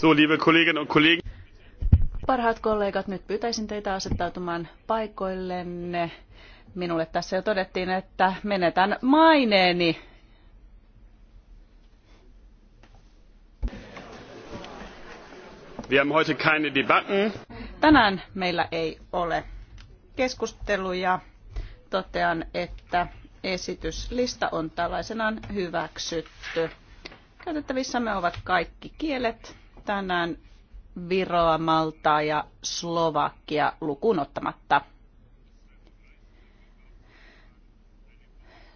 So, liebe Kolleginnen und Kollegen. Parhaat kollegat, nyt pyytäisin teitä asettautumaan paikoillenne. Minulle tässä jo todettiin, että menetän maineeni. Wir haben heute keine Debatten. Tänään meillä ei ole keskusteluja. Totean, että esityslista on tällaisenaan hyväksytty. Käytettävissämme ovat kaikki kielet tänään Viroa, Maltaa ja Slovakia lukuun ottamatta.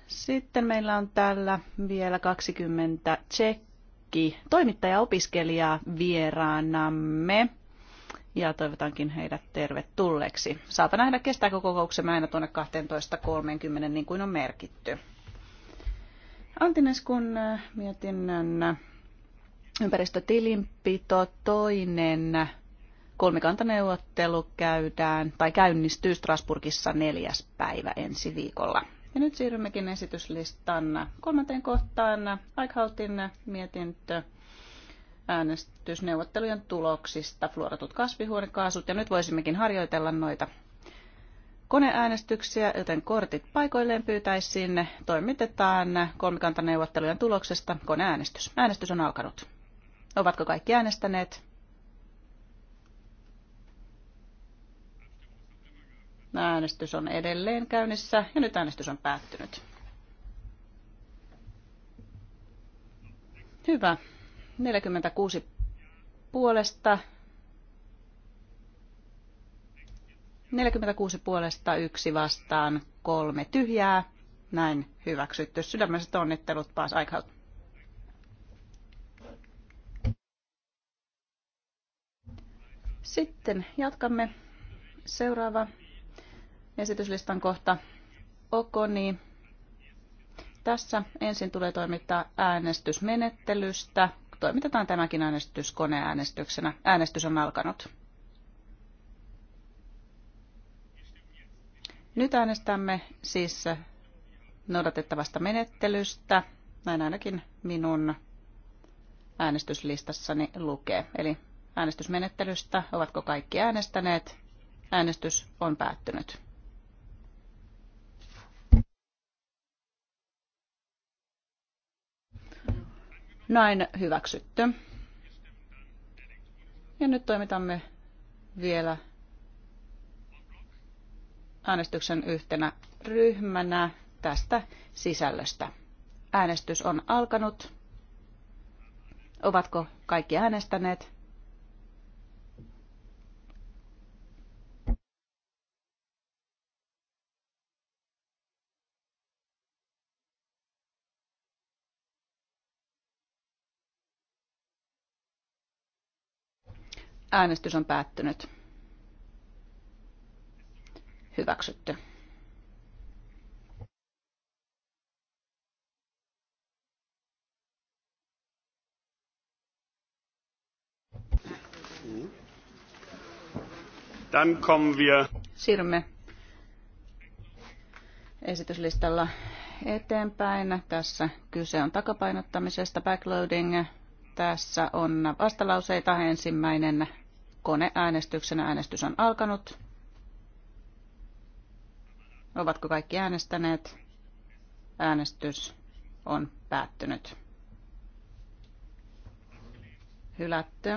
Sitten meillä on täällä vielä 20 tsekki toimittajaopiskelijaa vieraanamme. Ja toivotankin heidät tervetulleeksi. Saapa nähdä, kestääkö kokouksemme aina tuonne 12.30, niin kuin on merkitty. Antines, kun mietinnän Ympäristötilinpito toinen kolmikantaneuvottelu käydään tai käynnistyy Strasburgissa neljäs päivä ensi viikolla. Ja nyt siirrymmekin esityslistan kolmanteen kohtaan. Aikhaltin mietintö äänestysneuvottelujen tuloksista, fluoratut kasvihuonekaasut, ja nyt voisimmekin harjoitella noita koneäänestyksiä, joten kortit paikoilleen pyytäisin. Toimitetaan kolmikantaneuvottelujen tuloksesta koneäänestys. Äänestys on alkanut. Ovatko kaikki äänestäneet? Äänestys on edelleen käynnissä ja nyt äänestys on päättynyt. Hyvä. 46 puolesta. 46 puolesta yksi vastaan kolme tyhjää. Näin hyväksytty. Sydämelliset onnittelut Paas Aikhaut. Sitten jatkamme. Seuraava esityslistan kohta. Okoni. Tässä ensin tulee toimittaa äänestysmenettelystä. Toimitetaan tämäkin äänestys koneäänestyksenä. Äänestys on alkanut. Nyt äänestämme siis noudatettavasta menettelystä. Näin ainakin minun äänestyslistassani lukee. Eli äänestysmenettelystä. Ovatko kaikki äänestäneet? Äänestys on päättynyt. Näin hyväksytty. Ja nyt toimitamme vielä äänestyksen yhtenä ryhmänä tästä sisällöstä. Äänestys on alkanut. Ovatko kaikki äänestäneet? Äänestys on päättynyt. Hyväksytty. Dann kommen wir. Siirrymme esityslistalla eteenpäin. Tässä kyse on takapainottamisesta, backloading tässä on vastalauseita. Ensimmäinen koneäänestyksen äänestys on alkanut. Ovatko kaikki äänestäneet? Äänestys on päättynyt. Hylätty.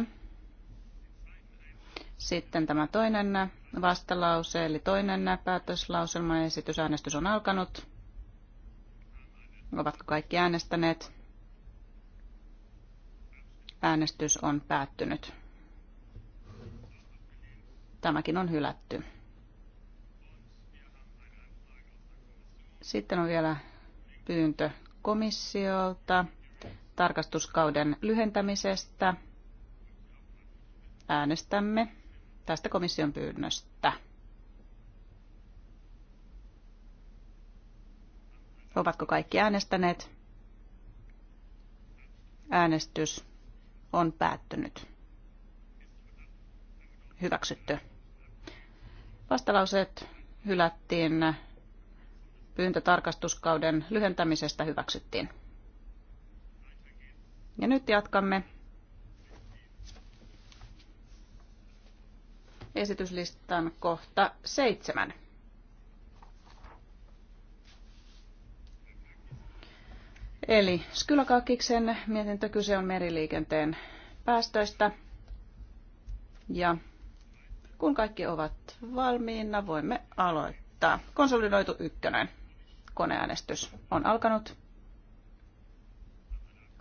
Sitten tämä toinen vastalause, eli toinen esitys Äänestys on alkanut. Ovatko kaikki äänestäneet? Äänestys on päättynyt. Tämäkin on hylätty. Sitten on vielä pyyntö komissiolta tarkastuskauden lyhentämisestä. Äänestämme tästä komission pyynnöstä. Ovatko kaikki äänestäneet? Äänestys on päättynyt. Hyväksytty. Vastalauseet hylättiin. Pyyntö tarkastuskauden lyhentämisestä hyväksyttiin. Ja nyt jatkamme esityslistan kohta seitsemän. Eli Skylakakiksen mietintö kyse on meriliikenteen päästöistä. Ja kun kaikki ovat valmiina, voimme aloittaa. Konsolidoitu ykkönen. Koneäänestys on alkanut.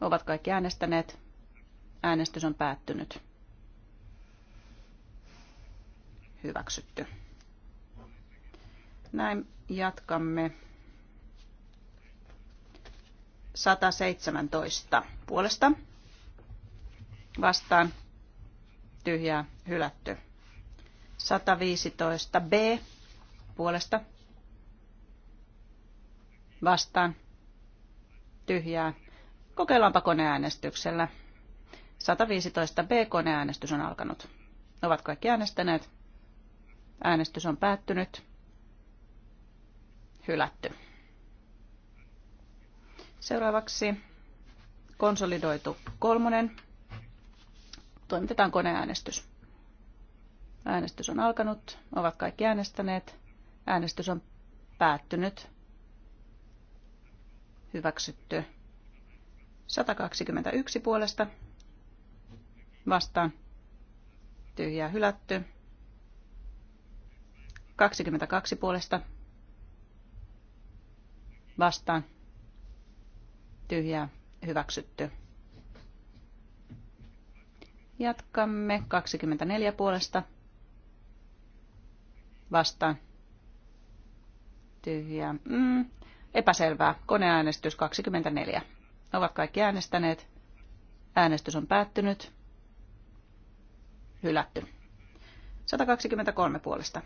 Ovat kaikki äänestäneet. Äänestys on päättynyt. Hyväksytty. Näin jatkamme 117 puolesta vastaan tyhjää hylätty. 115 B puolesta vastaan tyhjää. Kokeillaanpa koneäänestyksellä. 115 B koneäänestys on alkanut. Ovat kaikki äänestäneet. Äänestys on päättynyt. Hylätty. Seuraavaksi konsolidoitu kolmonen. Toimitetaan koneäänestys. Äänestys on alkanut. Ovat kaikki äänestäneet. Äänestys on päättynyt. Hyväksytty. 121 puolesta. Vastaan. Tyhjää hylätty. 22 puolesta. Vastaan tyhjä hyväksytty. Jatkamme 24 puolesta vastaan tyhjä Mm, epäselvää. Koneäänestys 24. Ovat kaikki äänestäneet. Äänestys on päättynyt. Hylätty. 123 puolesta.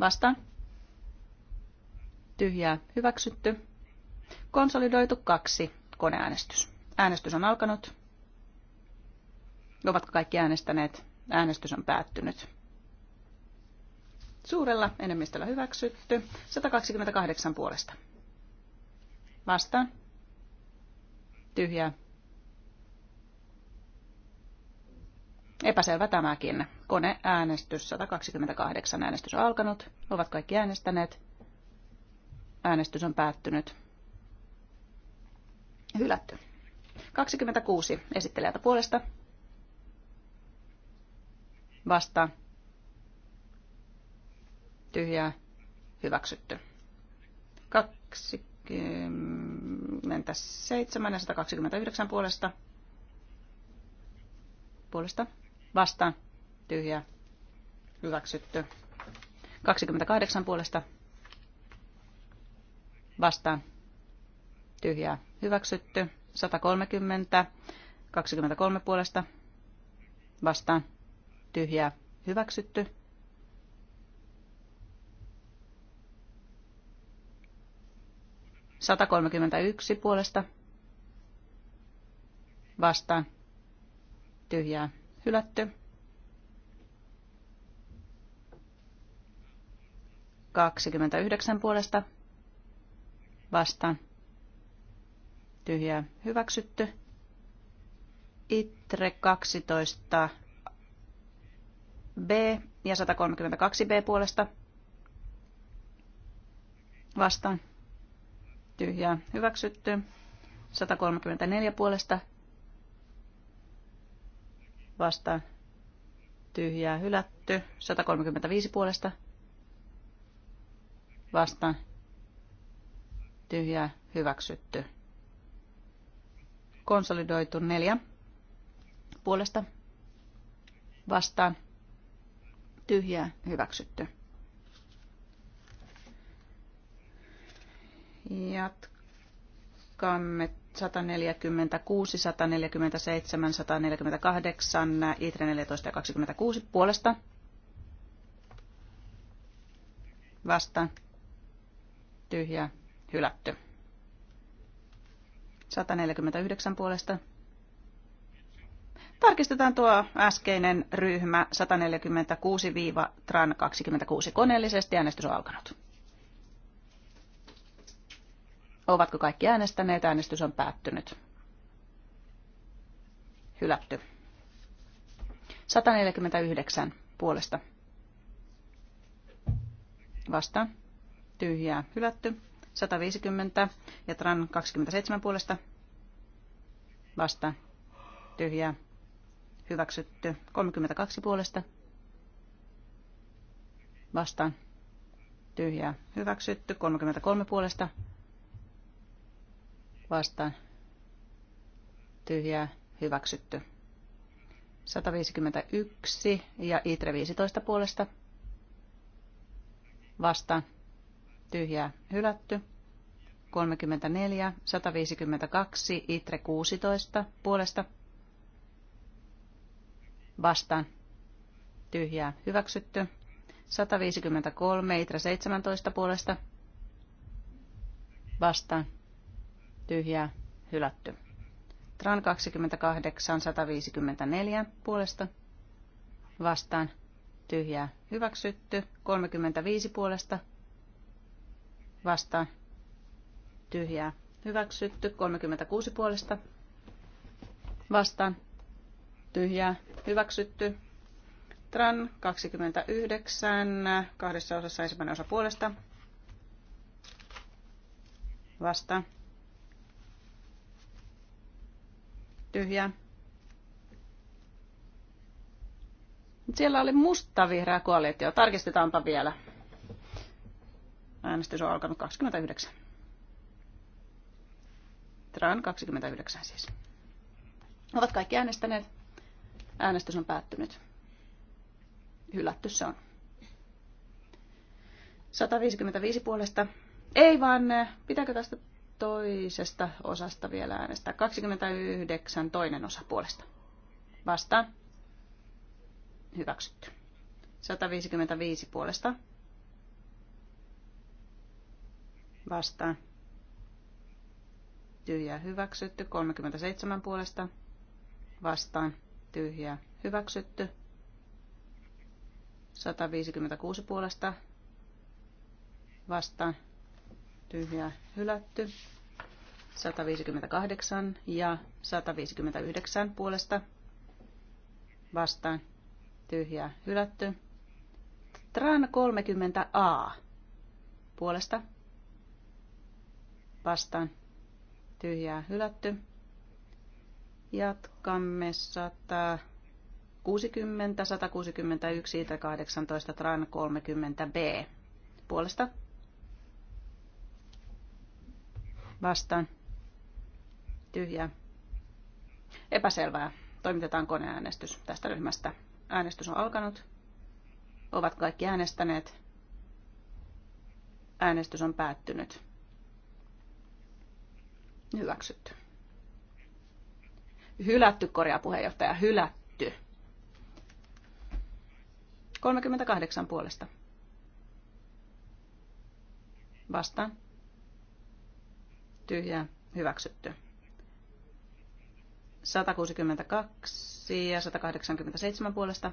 Vastaan. Tyhjää hyväksytty. Konsolidoitu kaksi. Koneäänestys. Äänestys on alkanut. Ovatko kaikki äänestäneet? Äänestys on päättynyt. Suurella enemmistöllä hyväksytty. 128 puolesta. Vastaan. Tyhjää. Epäselvä tämäkin. Koneäänestys 128. Äänestys on alkanut. Ovat kaikki äänestäneet. Äänestys on päättynyt. Hylätty. 26 esittelijältä puolesta. Vasta. Tyhjää. Hyväksytty. 27 ja 129 puolesta. Puolesta. Vasta. Tyhjää. Hyväksytty. 28 puolesta. Vastaan tyhjää hyväksytty. 130, 23 puolesta vastaan tyhjää hyväksytty. yksi puolesta vastaan tyhjää hylätty. 29 puolesta vastaan tyhjä hyväksytty. ITRE 12 B ja 132 B puolesta vastaan Tyhjä hyväksytty. 134 puolesta vastaan tyhjää hylätty. 135 puolesta vastaan tyhjää hyväksytty. Konsolidoitu neljä puolesta vastaan tyhjää hyväksytty. Jatkamme 146, 147, 148, ITRE 14 ja 26 puolesta. Vastaan. Tyhjää. Hylätty. 149 puolesta. Tarkistetaan tuo äskeinen ryhmä 146-tran 26 koneellisesti. Äänestys on alkanut. Ovatko kaikki äänestäneet? Äänestys on päättynyt. Hylätty. 149 puolesta. Vastaan. Tyhjää. Hylätty. 150 ja Tran 27 puolesta vasta tyhjää hyväksytty 32 puolesta vasta tyhjää hyväksytty 33 puolesta vasta tyhjää hyväksytty 151 ja ITRE 15 puolesta vastaan tyhjää hylätty. 34, 152, ITRE 16 puolesta vastaan tyhjää hyväksytty. 153, ITRE 17 puolesta vastaan tyhjää hylätty. Tran 28, 154 puolesta vastaan tyhjää hyväksytty. 35 puolesta vastaan tyhjää hyväksytty. 36 puolesta vastaan tyhjää hyväksytty. Tran 29, kahdessa osassa ensimmäinen osa puolesta. Vasta. tyhjää Siellä oli musta vihreä koalitio. Tarkistetaanpa vielä. Äänestys on alkanut 29. Tran 29 siis. Ovat kaikki äänestäneet. Äänestys on päättynyt. Hylätty se on. 155 puolesta. Ei vaan, pitääkö tästä toisesta osasta vielä äänestää? 29 toinen osa puolesta. Vastaan. Hyväksytty. 155 puolesta vastaan. Tyhjää hyväksytty. 37 puolesta vastaan. Tyhjää hyväksytty. 156 puolesta vastaan. Tyhjää hylätty. 158 ja 159 puolesta vastaan. Tyhjää hylätty. Tran 30a puolesta vastaan tyhjää hylätty. Jatkamme 160, 161, 18, tran 30b. Puolesta vastaan tyhjää. Epäselvää. Toimitetaan koneäänestys tästä ryhmästä. Äänestys on alkanut. Ovat kaikki äänestäneet. Äänestys on päättynyt. Hyväksytty. Hylätty, korjaa puheenjohtaja, hylätty. 38 puolesta. Vastaan. Tyhjää, hyväksytty. 162 ja 187 puolesta.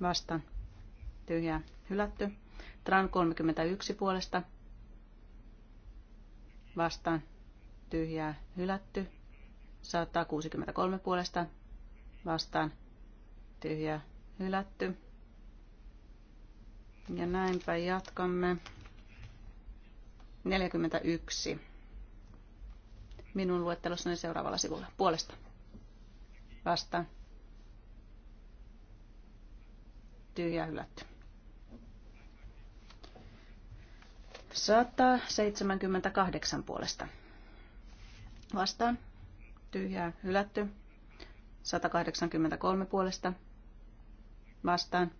Vastaan. Tyhjää, hylätty. Tran 31 puolesta vastaan tyhjää hylätty. 163 puolesta vastaan tyhjää hylätty. Ja näinpä jatkamme. 41. Minun luettelossani seuraavalla sivulla. Puolesta. Vastaan. Tyhjää hylätty. 178 puolesta. Vastaan. Tyhjää hylätty. 183 puolesta. Vastaan.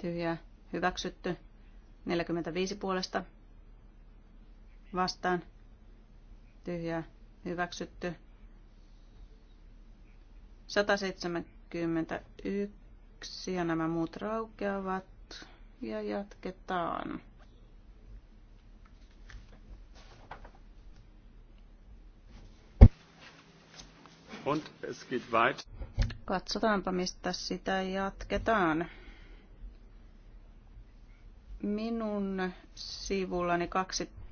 Tyhjää hyväksytty. 45 puolesta. Vastaan. Tyhjää hyväksytty. 171 ja nämä muut raukeavat ja jatketaan. Und es geht weit. Katsotaanpa, mistä sitä jatketaan. Minun sivullani 12.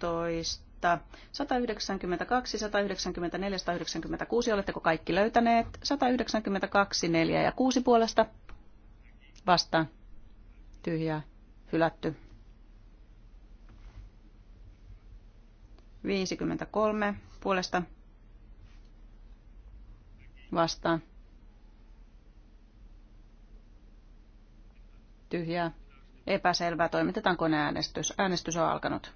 192, 194, 196, oletteko kaikki löytäneet? 192, 4 ja 6 puolesta. Vastaan. Tyhjää. Hylätty. 53 puolesta vastaan. Tyhjää. Epäselvää. Toimitetaan koneäänestys. Äänestys on alkanut.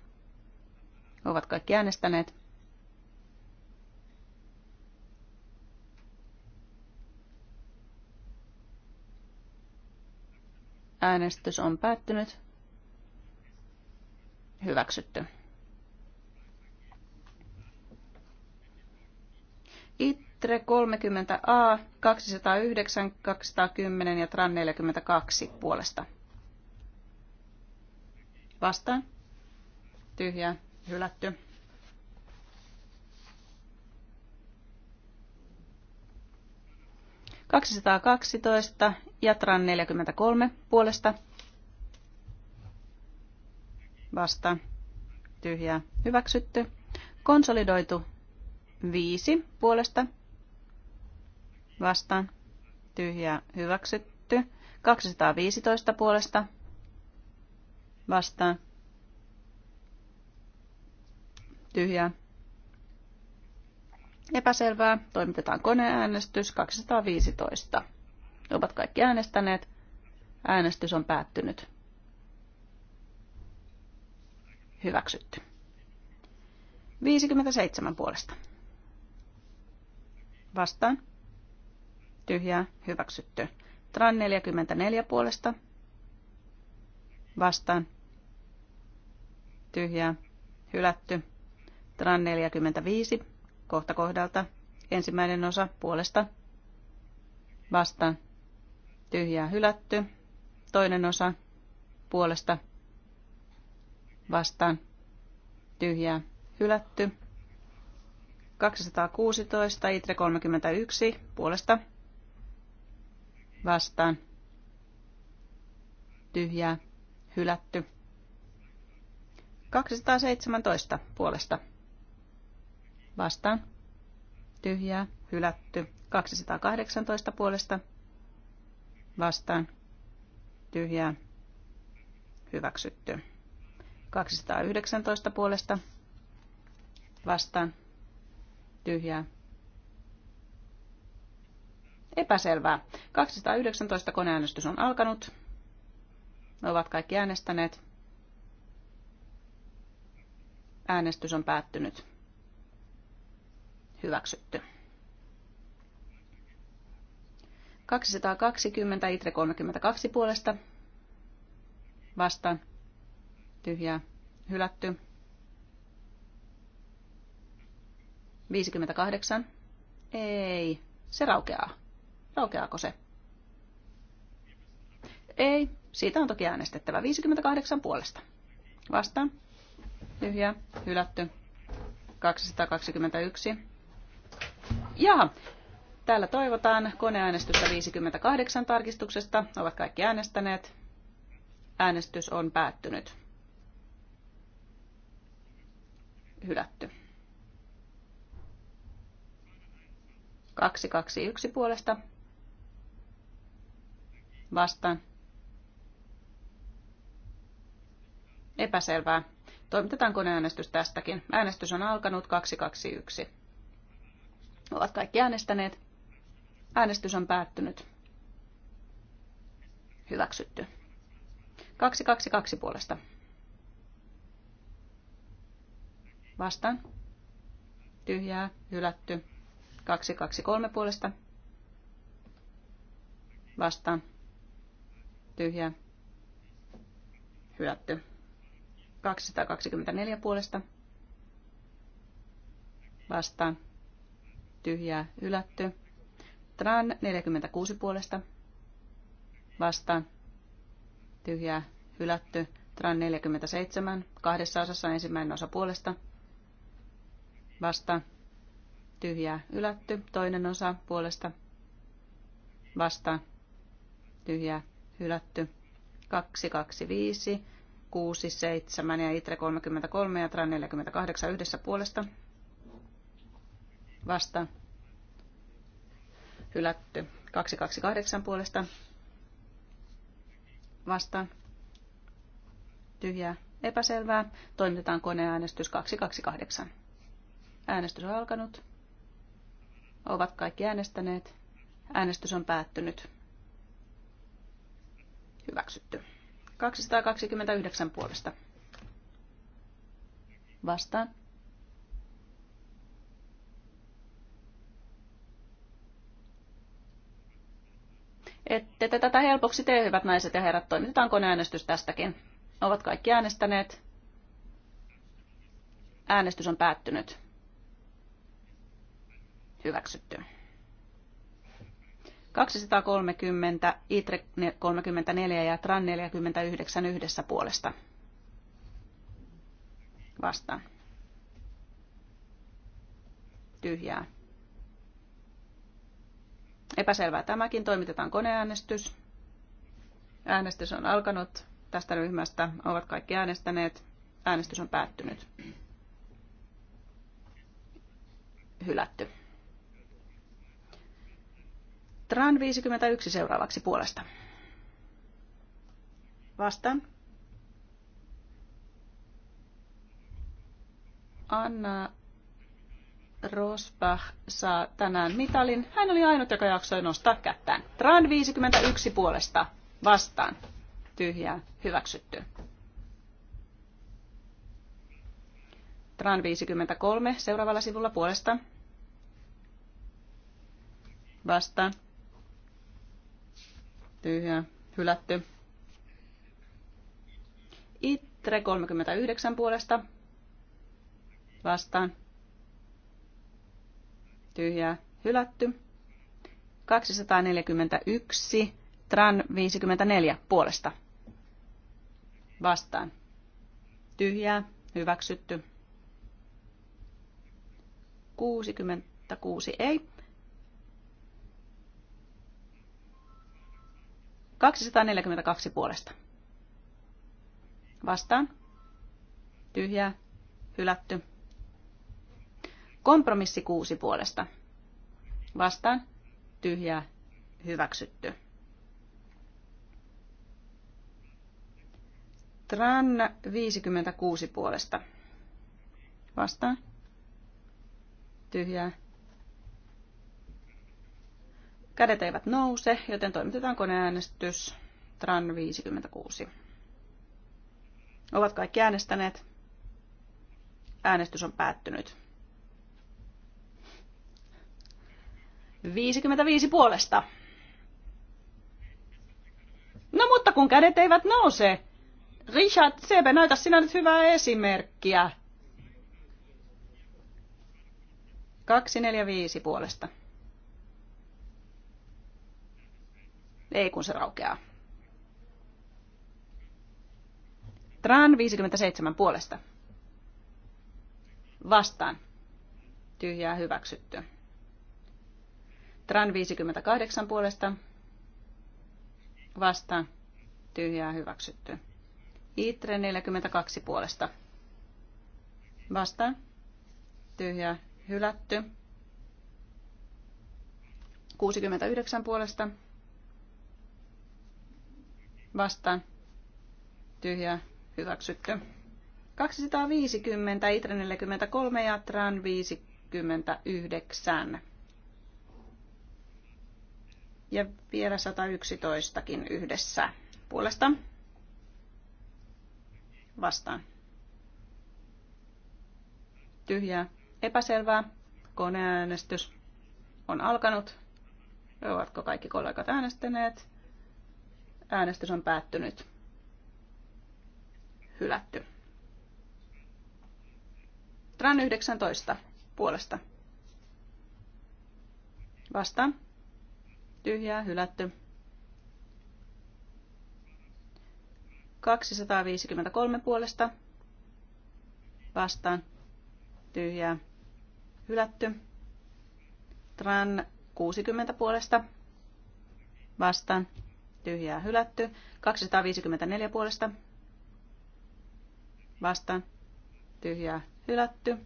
Ovat kaikki äänestäneet. Äänestys on päättynyt. Hyväksytty. It Tre 30A, 209, 210 ja TRAN 42 puolesta. Vastaan. Tyhjää. Hylätty. kaksisataakaksitoista ja tran neljäkymmentäkolme puolesta vasta tyhjää hyväksytty konsolidoitu viisi puolesta vastaan, Tyhjä hyväksytty. 215 puolesta vastaan, Tyhjä. Epäselvää. Toimitetaan koneäänestys 215. Ovat kaikki äänestäneet. Äänestys on päättynyt. Hyväksytty. 57 puolesta. Vastaan tyhjää, hyväksytty. Tran 44 puolesta, vastaan, tyhjää, hylätty. Tran 45, kohta kohdalta, ensimmäinen osa puolesta, vastaan, tyhjää, hylätty. Toinen osa puolesta, vastaan, tyhjää, hylätty. 216, ITRE 31, puolesta, vastaan tyhjää hylätty. 217 puolesta vastaan tyhjää hylätty. 218 puolesta vastaan tyhjää hyväksytty. 219 puolesta vastaan tyhjää Epäselvää. 219 koneäänestys on alkanut. Ne ovat kaikki äänestäneet. Äänestys on päättynyt. Hyväksytty. 220, ITRE 32 puolesta. Vastaan. Tyhjää. Hylätty. 58. Ei. Se raukeaa. Raukeako se? Ei. Siitä on toki äänestettävä. 58 puolesta. Vastaan. Tyhjä. Hylätty. 221. Jaha. Täällä toivotaan koneäänestystä 58 tarkistuksesta. Ovat kaikki äänestäneet. Äänestys on päättynyt. Hylätty. 221 puolesta Vastaan. Epäselvää. Toimitetaan koneäänestys tästäkin. Äänestys on alkanut 221. Ovat kaikki äänestäneet. Äänestys on päättynyt. Hyväksytty. 222 puolesta. Vastaan. Tyhjää, hylätty. 223 puolesta. Vastaan tyhjä, hylätty. 224 puolesta vastaan, tyhjää, hylätty. Tran 46 puolesta vastaan, tyhjää, hylätty. Tran 47, kahdessa osassa ensimmäinen osa puolesta vastaan, tyhjää, hylätty. Toinen osa puolesta vastaan, tyhjää, hylätty. 225, 6, 7 ja ITRE 33 ja TRAN 48 yhdessä puolesta. Vasta Hylätty. 228 puolesta. Vasta Tyhjää. Epäselvää. Toimitetaan koneäänestys 228. Äänestys on alkanut. Ovat kaikki äänestäneet. Äänestys on päättynyt. Hyväksytty. 229 puolesta. Vastaan. Ette te tätä helpoksi tee, hyvät naiset ja herrat. Toimitetaan koneäänestys tästäkin. Ovat kaikki äänestäneet. Äänestys on päättynyt. Hyväksytty. 230, ITRE 34 ja TRAN 49 yhdessä puolesta. Vastaan. Tyhjää. Epäselvää tämäkin. Toimitetaan koneäänestys. Äänestys on alkanut. Tästä ryhmästä ovat kaikki äänestäneet. Äänestys on päättynyt. Hylätty. Tran 51 seuraavaksi puolesta. Vastaan. Anna Rosbach saa tänään mitalin. Hän oli ainut, joka jaksoi nostaa kättään. Tran 51 puolesta vastaan. Tyhjää hyväksytty. Tran 53 seuraavalla sivulla puolesta. Vastaan tyhjä, hylätty. Itre 39 puolesta vastaan tyhjää hylätty. 241 Tran 54 puolesta vastaan tyhjää hyväksytty. 66 ei 242 puolesta. Vastaan. Tyhjää. Hylätty. Kompromissi 6 puolesta. Vastaan. Tyhjää. Hyväksytty. Tran 56 puolesta. Vastaan. Tyhjää Kädet eivät nouse, joten toimitetaan koneäänestys TRAN 56. Ovat kaikki äänestäneet. Äänestys on päättynyt. 55 puolesta. No mutta kun kädet eivät nouse. Richard Sebe, näytä sinä nyt hyvää esimerkkiä. 245 puolesta. ei kun se raukeaa. Tran 57 puolesta. Vastaan. Tyhjää hyväksytty. Tran 58 puolesta. Vastaan. Tyhjää hyväksytty. Itre 42 puolesta. Vastaan. Tyhjää hylätty. 69 puolesta vastaan tyhjää hyväksytty. 250, Itre 43 ja Tran 59. Ja vielä 111kin yhdessä puolesta vastaan. Tyhjää epäselvää. Koneäänestys on alkanut. Ovatko kaikki kollegat äänestäneet? Äänestys on päättynyt. Hylätty. Tran 19 puolesta. Vastaan. Tyhjää, hylätty. 253 puolesta. Vastaan. Tyhjää, hylätty. Tran 60 puolesta. Vastaan tyhjää hylätty. 254 puolesta vastaan tyhjää hylätty.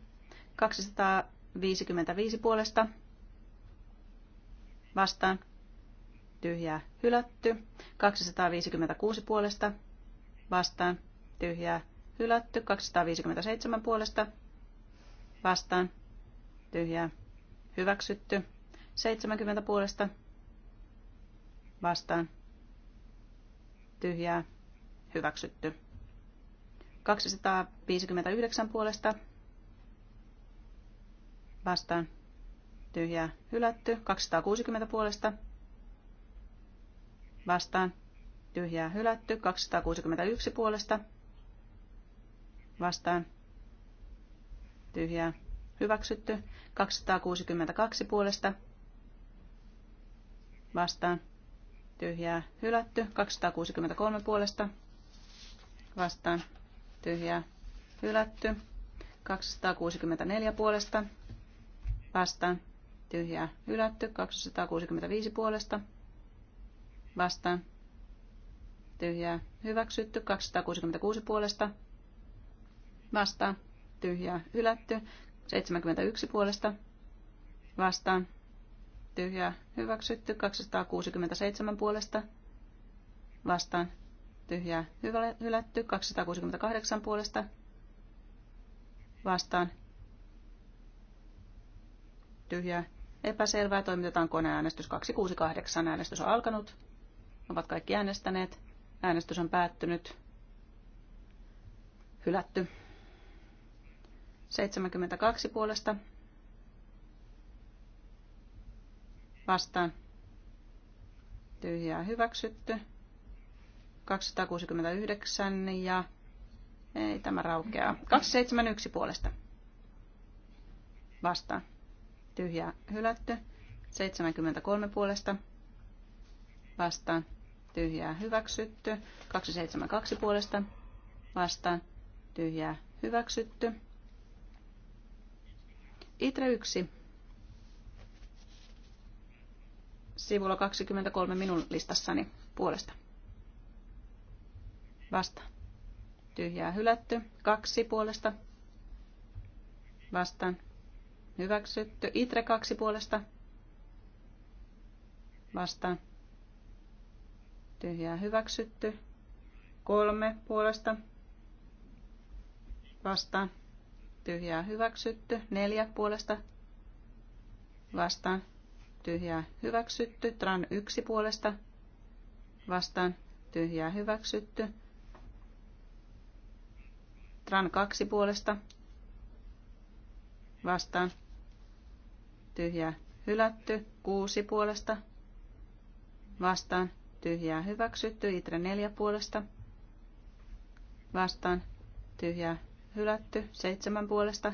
255 puolesta vastaan tyhjää hylätty. 256 puolesta vastaan tyhjää hylätty. 257 puolesta vastaan tyhjää hyväksytty. 70 puolesta vastaan tyhjää, hyväksytty. 259 puolesta vastaan tyhjää, hylätty. 260 puolesta vastaan tyhjää, hylätty. 261 puolesta vastaan tyhjää, hyväksytty. 262 puolesta vastaan tyhjää hylätty. 263 puolesta vastaan tyhjää hylätty. 264 puolesta vastaan tyhjää hylätty. 265 puolesta vastaan tyhjää hyväksytty. 266 puolesta vastaan tyhjää hylätty. 71 puolesta vastaan tyhjää hyväksytty. 267 puolesta vastaan tyhjää hylätty. 268 puolesta vastaan tyhjää epäselvää. Toimitetaan koneäänestys 268. Äänestys on alkanut. Ovat kaikki äänestäneet. Äänestys on päättynyt. Hylätty. 72 puolesta Vastaan. Tyhjää hyväksytty. 269 ja ei tämä raukeaa. 271 puolesta. Vastaan. Tyhjää hylätty. 73 puolesta. Vastaan. Tyhjää hyväksytty. 272 puolesta. Vastaan. Tyhjää hyväksytty. Itre 1 sivulla 23 minun listassani puolesta. Vasta. Tyhjää hylätty. Kaksi puolesta. Vastaan. Hyväksytty. Itre kaksi puolesta. Vastaan. Tyhjää hyväksytty. Kolme puolesta. Vastaan. Tyhjää hyväksytty. Neljä puolesta. Vastaan tyhjää hyväksytty. Tran yksi puolesta vastaan tyhjää hyväksytty. Tran kaksi puolesta vastaan tyhjää hylätty. kuusi puolesta vastaan tyhjää hyväksytty. Itre neljä puolesta vastaan tyhjää hylätty. seitsemän puolesta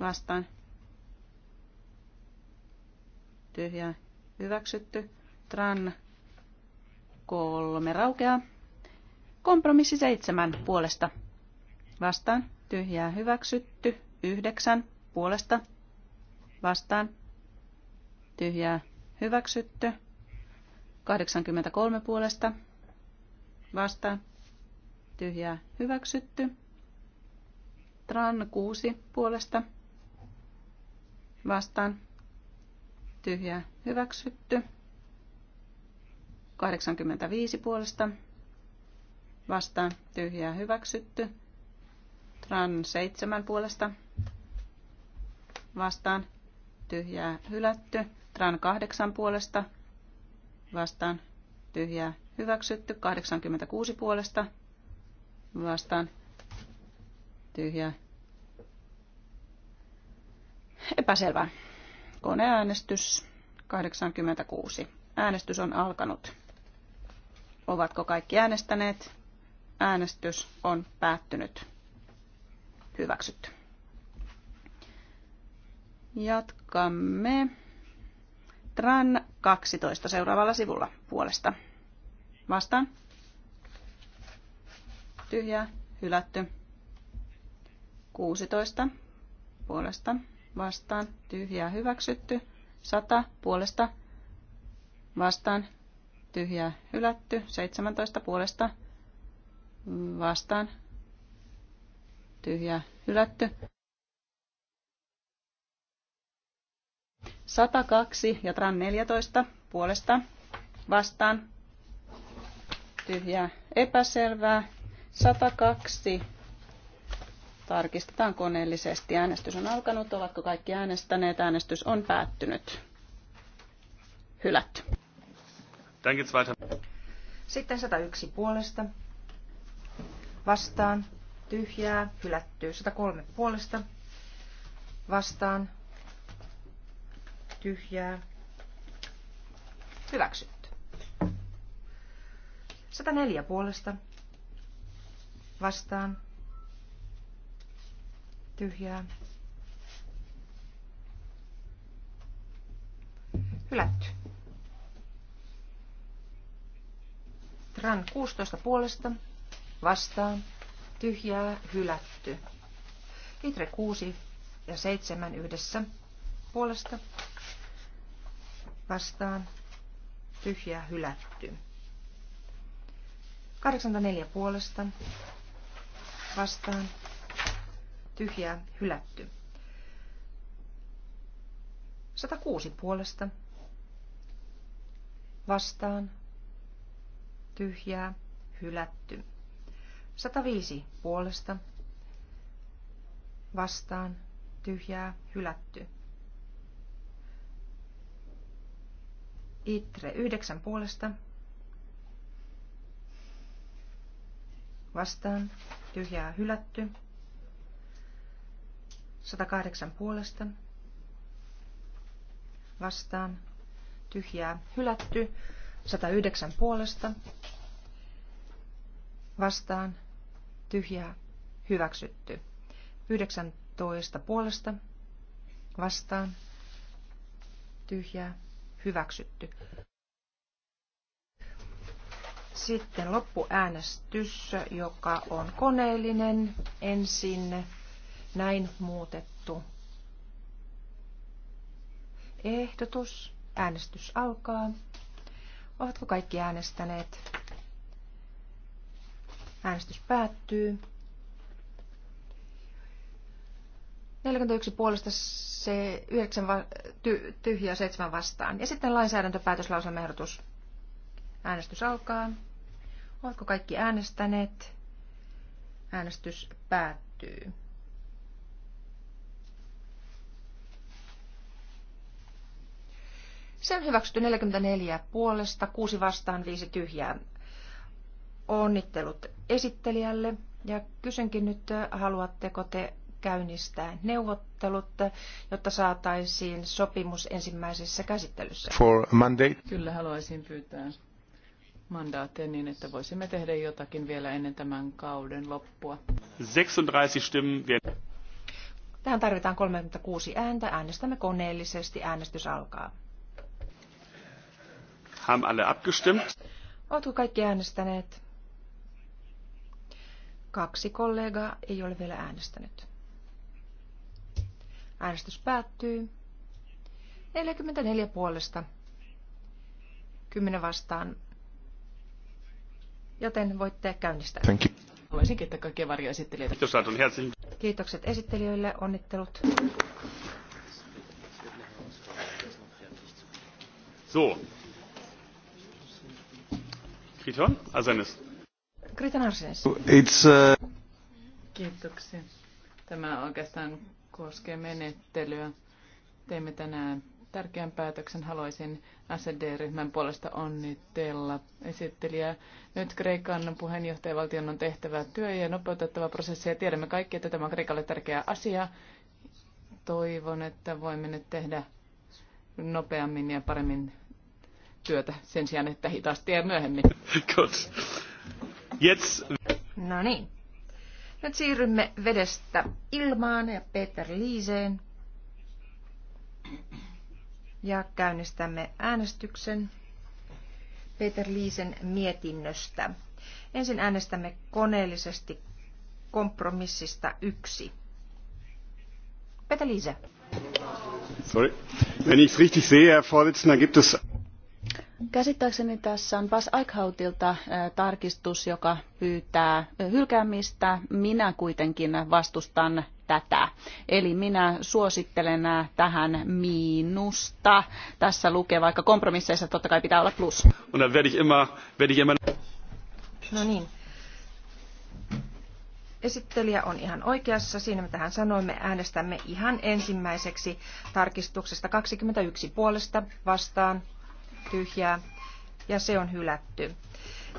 vastaan ja hyväksytty. Tran kolme raukeaa. Kompromissi seitsemän puolesta vastaan tyhjää hyväksytty. Yhdeksän puolesta vastaan tyhjää hyväksytty. 83 puolesta vastaan tyhjää hyväksytty. Tran 6 puolesta vastaan tyhjää hyväksytty. 85 puolesta vastaan tyhjää hyväksytty. Tran 7 puolesta vastaan tyhjää hylätty. Tran 8 puolesta vastaan tyhjää hyväksytty. 86 puolesta vastaan tyhjää epäselvää. Koneäänestys 86. Äänestys on alkanut. Ovatko kaikki äänestäneet? Äänestys on päättynyt. Hyväksytty. Jatkamme. Tran 12 seuraavalla sivulla puolesta. Vastaan. Tyhjä. Hylätty. 16 puolesta vastaan, tyhjää hyväksytty. 100 puolesta vastaan, tyhjää hylätty. 17 puolesta vastaan, tyhjää hylätty. 102 ja tran 14 puolesta vastaan, tyhjää epäselvää. 102 Tarkistetaan koneellisesti. Äänestys on alkanut. Ovatko kaikki äänestäneet? Äänestys on päättynyt. Hylätty. Sitten 101 puolesta. Vastaan. Tyhjää. Hylätty. 103 puolesta. Vastaan. Tyhjää. Hyväksytty. 104 puolesta. Vastaan Tyhjää. Hylätty. Tran 16 puolesta. Vastaan. Tyhjää. Hylätty. Itre 6 ja 7 yhdessä. Puolesta. Vastaan. Tyhjää. Hylätty. 84 puolesta. Vastaan tyhjää hylätty. 106 puolesta vastaan tyhjää hylätty. 105 puolesta vastaan tyhjää hylätty. Itre 9 puolesta vastaan tyhjää hylätty. 108 puolesta. Vastaan. Tyhjää. Hylätty. 109 puolesta. Vastaan. Tyhjää. Hyväksytty. 19 puolesta. Vastaan. Tyhjää. Hyväksytty. Sitten loppuäänestys, joka on koneellinen. Ensin näin muutettu. Ehdotus. Äänestys alkaa. Ovatko kaikki äänestäneet? Äänestys päättyy. 41 puolesta se 9 va- ty- tyhjää 7 vastaan. Ja sitten lainsäädäntöpäätöslauselmaehdotus. Äänestys alkaa. Ovatko kaikki äänestäneet? Äänestys päättyy. Se on hyväksytty 44 puolesta, 6 vastaan, 5 tyhjää. Onnittelut esittelijälle. Ja kysynkin nyt, haluatteko te käynnistää neuvottelut, jotta saataisiin sopimus ensimmäisessä käsittelyssä? For mandate. Kyllä haluaisin pyytää mandaatteja niin, että voisimme tehdä jotakin vielä ennen tämän kauden loppua. 36 stimmen. Tähän tarvitaan 36 ääntä. Äänestämme koneellisesti. Äänestys alkaa. Haben alle abgestimmt? Oletko kaikki äänestäneet? Kaksi kollegaa ei ole vielä äänestänyt. Äänestys päättyy. 44 puolesta. 10 vastaan. Joten voitte käynnistää. Thank you. Haluaisin kiittää kaikkia varjoesittelijöitä. Kiitokset esittelijöille. Onnittelut. So, Kriton Asenis. Kritan Asenis. It's, uh... Kiitoksia. Tämä oikeastaan koskee menettelyä. Teimme tänään tärkeän päätöksen. Haluaisin sd ryhmän puolesta onnitella esittelijää. Nyt Kreikan puheenjohtajavaltion on tehtävä työ ja nopeutettava prosessi. Ja tiedämme kaikki, että tämä on Kreikalle tärkeä asia. Toivon, että voimme nyt tehdä nopeammin ja paremmin työtä sen sijaan, että hitaasti ja myöhemmin. Yes. No niin. Nyt siirrymme vedestä ilmaan ja Peter Liiseen. Ja käynnistämme äänestyksen Peter Liisen mietinnöstä. Ensin äänestämme koneellisesti kompromissista yksi. Peter Liise. Sorry. Wenn ich es richtig sehe, Herr Vorsitzender, gibt es Käsittääkseni tässä on Bas Aikhautilta tarkistus, joka pyytää hylkäämistä. Minä kuitenkin vastustan tätä. Eli minä suosittelen tähän miinusta. Tässä lukee vaikka kompromisseissa totta kai pitää olla plus. No niin. Esittelijä on ihan oikeassa siinä, mitä hän sanoi. Me äänestämme ihan ensimmäiseksi tarkistuksesta 21 puolesta vastaan tyhjää ja se on hylätty.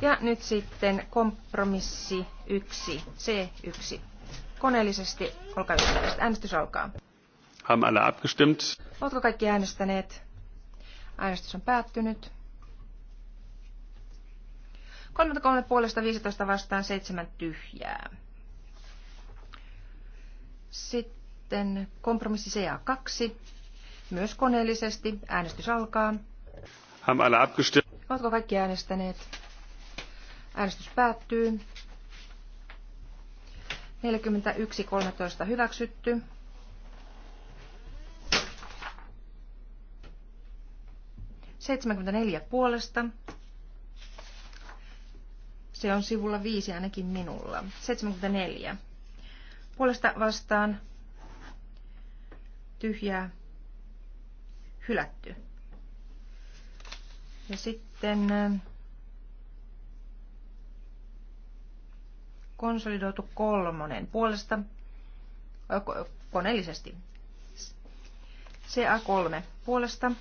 Ja nyt sitten kompromissi 1, C1. Koneellisesti, olkaa yhdessä. äänestys alkaa. Haben alle abgestimmt. Oletko kaikki äänestäneet? Äänestys on päättynyt. 33 puolesta 15 vastaan 7 tyhjää. Sitten kompromissi CA2. Myös koneellisesti äänestys alkaa. Haben alle abgestimmt? Oletko kaikki äänestäneet? Äänestys päättyy. 41.13 hyväksytty. Seitsemänkymmentäneljä puolesta. Se on sivulla viisi ainakin minulla. 74. Puolesta vastaan tyhjää hylätty. Ja sitten äh, konsolidoitu kolmonen puolesta äh, koneellisesti. CA3 puolesta.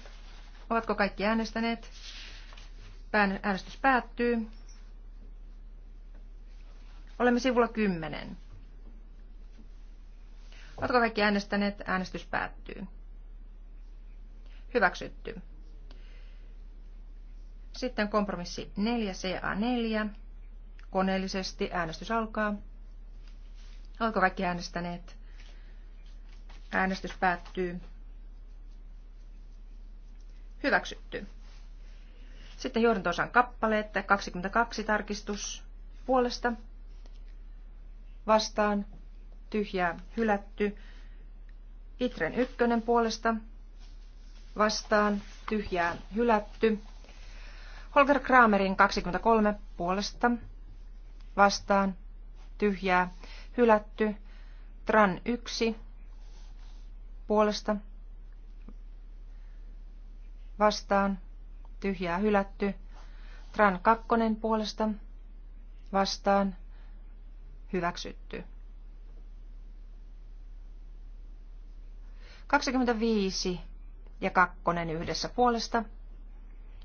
Ovatko kaikki äänestäneet? Äänestys päättyy. Olemme sivulla 10. Oletko kaikki äänestäneet? Äänestys päättyy. Hyväksytty. Sitten kompromissi 4 CA4. Koneellisesti äänestys alkaa. Oletko kaikki äänestäneet? Äänestys päättyy. Hyväksytty. Sitten johdantosan kappaleet, 22 tarkistus puolesta. Vastaan, tyhjää, hylätty. Itren ykkönen puolesta. Vastaan, tyhjää, hylätty. Holger Kramerin 23 puolesta vastaan tyhjää hylätty. Tran 1 puolesta vastaan tyhjää hylätty. Tran 2 puolesta vastaan hyväksytty. 25 ja 2 yhdessä puolesta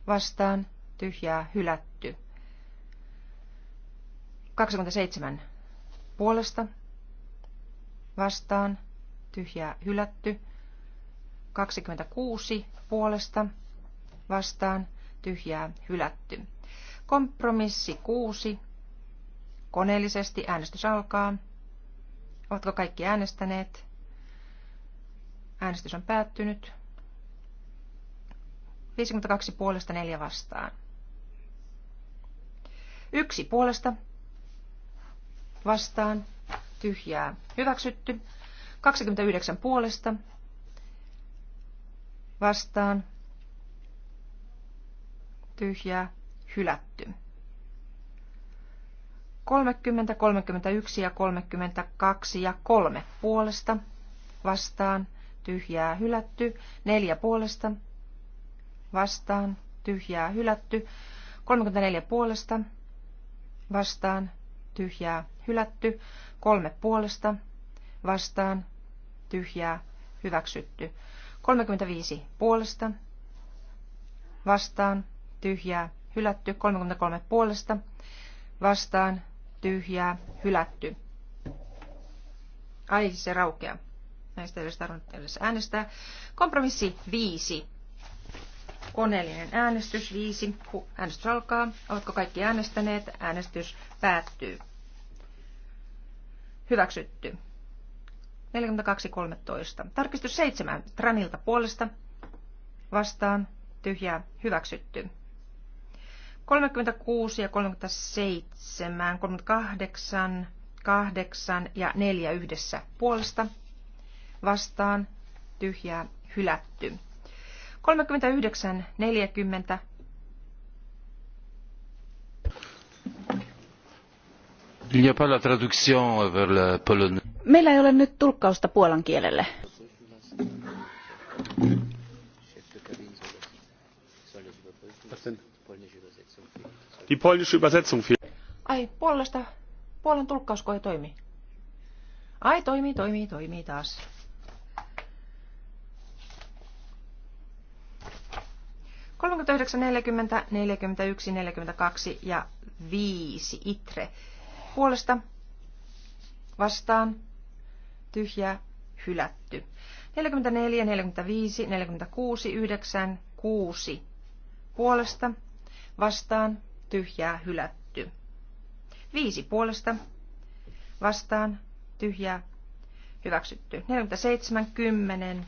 vastaan tyhjää, hylätty. 27 puolesta, vastaan, tyhjää, hylätty. 26 puolesta, vastaan, tyhjää, hylätty. Kompromissi 6. Koneellisesti äänestys alkaa. Ovatko kaikki äänestäneet? Äänestys on päättynyt. 52 puolesta 4 vastaan. Yksi puolesta vastaan tyhjää hyväksytty. 29 puolesta vastaan tyhjää hylätty. 30, 31 ja 32 ja 3 puolesta vastaan tyhjää hylätty. 4 puolesta vastaan tyhjää hylätty. 34 puolesta vastaan, tyhjää, hylätty. Kolme puolesta, vastaan, tyhjää, hyväksytty. 35 puolesta, vastaan, tyhjää, hylätty. 33 puolesta, vastaan, tyhjää, hylätty. Ai, se raukea. Näistä ei olisi tarvinnut edes äänestää. Kompromissi 5 koneellinen äänestys, viisi. Äänestys alkaa. Oletko kaikki äänestäneet? Äänestys päättyy. Hyväksytty. 42.13. Tarkistus 7. Tranilta puolesta. Vastaan. Tyhjää. Hyväksytty. 36 ja 37, 38, 8 ja 4 yhdessä puolesta. Vastaan. Tyhjää. Hylätty. 39, 40. Meillä ei ole nyt tulkkausta puolan kielelle. Die polnische Übersetzung fehlt. Ai, puolasta, puolan tulkkaus ei toimi. Ai, toimii, toimii, toimii taas. 39, 40, 41, 42 ja 5 itre. Puolesta vastaan tyhjä hylätty. 44, 45, 46, 9, 6 puolesta vastaan tyhjää hylätty. 5 puolesta vastaan tyhjää hyväksytty. 47, 10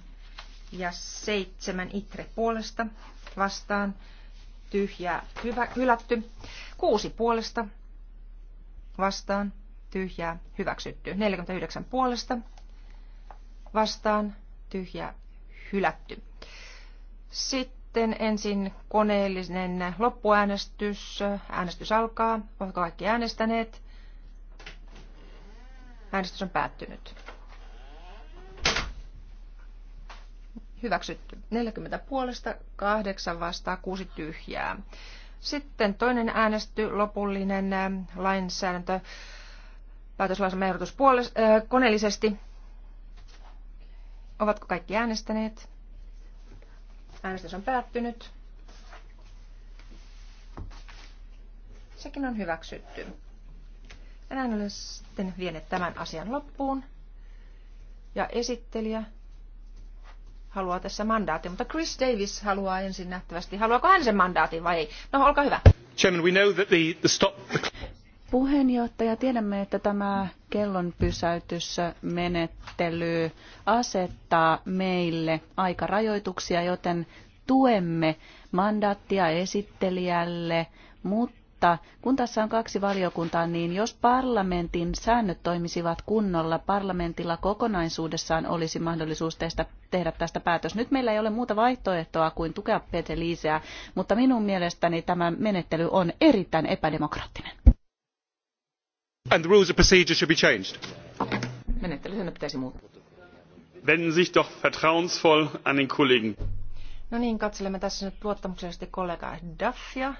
ja 7 itre puolesta vastaan, tyhjä hyvä, hylätty. Kuusi puolesta vastaan, Tyhjä hyväksytty. 49 puolesta vastaan, tyhjä hylätty. Sitten ensin koneellinen loppuäänestys. Äänestys alkaa. Ovatko kaikki äänestäneet? Äänestys on päättynyt. Hyväksytty. 40 puolesta, 8 vastaa, 6 tyhjää. Sitten toinen äänesty, lopullinen äh, lainsäädäntö, ehdotus puolest- äh, koneellisesti. Ovatko kaikki äänestäneet? Äänestys on päättynyt. Sekin on hyväksytty. Ja näin olen sitten vienyt tämän asian loppuun. Ja esittelijä haluaa tässä mandaatin, mutta Chris Davis haluaa ensin nähtävästi. Haluaako hän sen mandaatin vai ei? No, olkaa hyvä. Chairman, we know that the, the stop... Puheenjohtaja, tiedämme, että tämä kellon pysäytysmenettely asettaa meille aikarajoituksia, joten tuemme mandaattia esittelijälle, mutta mutta kun tässä on kaksi valiokuntaa, niin jos parlamentin säännöt toimisivat kunnolla, parlamentilla kokonaisuudessaan olisi mahdollisuus teistä, tehdä tästä päätös. Nyt meillä ei ole muuta vaihtoehtoa kuin tukea Pete Liiseä, mutta minun mielestäni tämä menettely on erittäin epädemokraattinen. And the rules of procedure should be changed. Menettelysäännöt pitäisi muuttaa. Wenden sich doch vertrauensvoll an den Kollegen. No niin, katselemme tässä nyt luottamuksellisesti kollega Daffia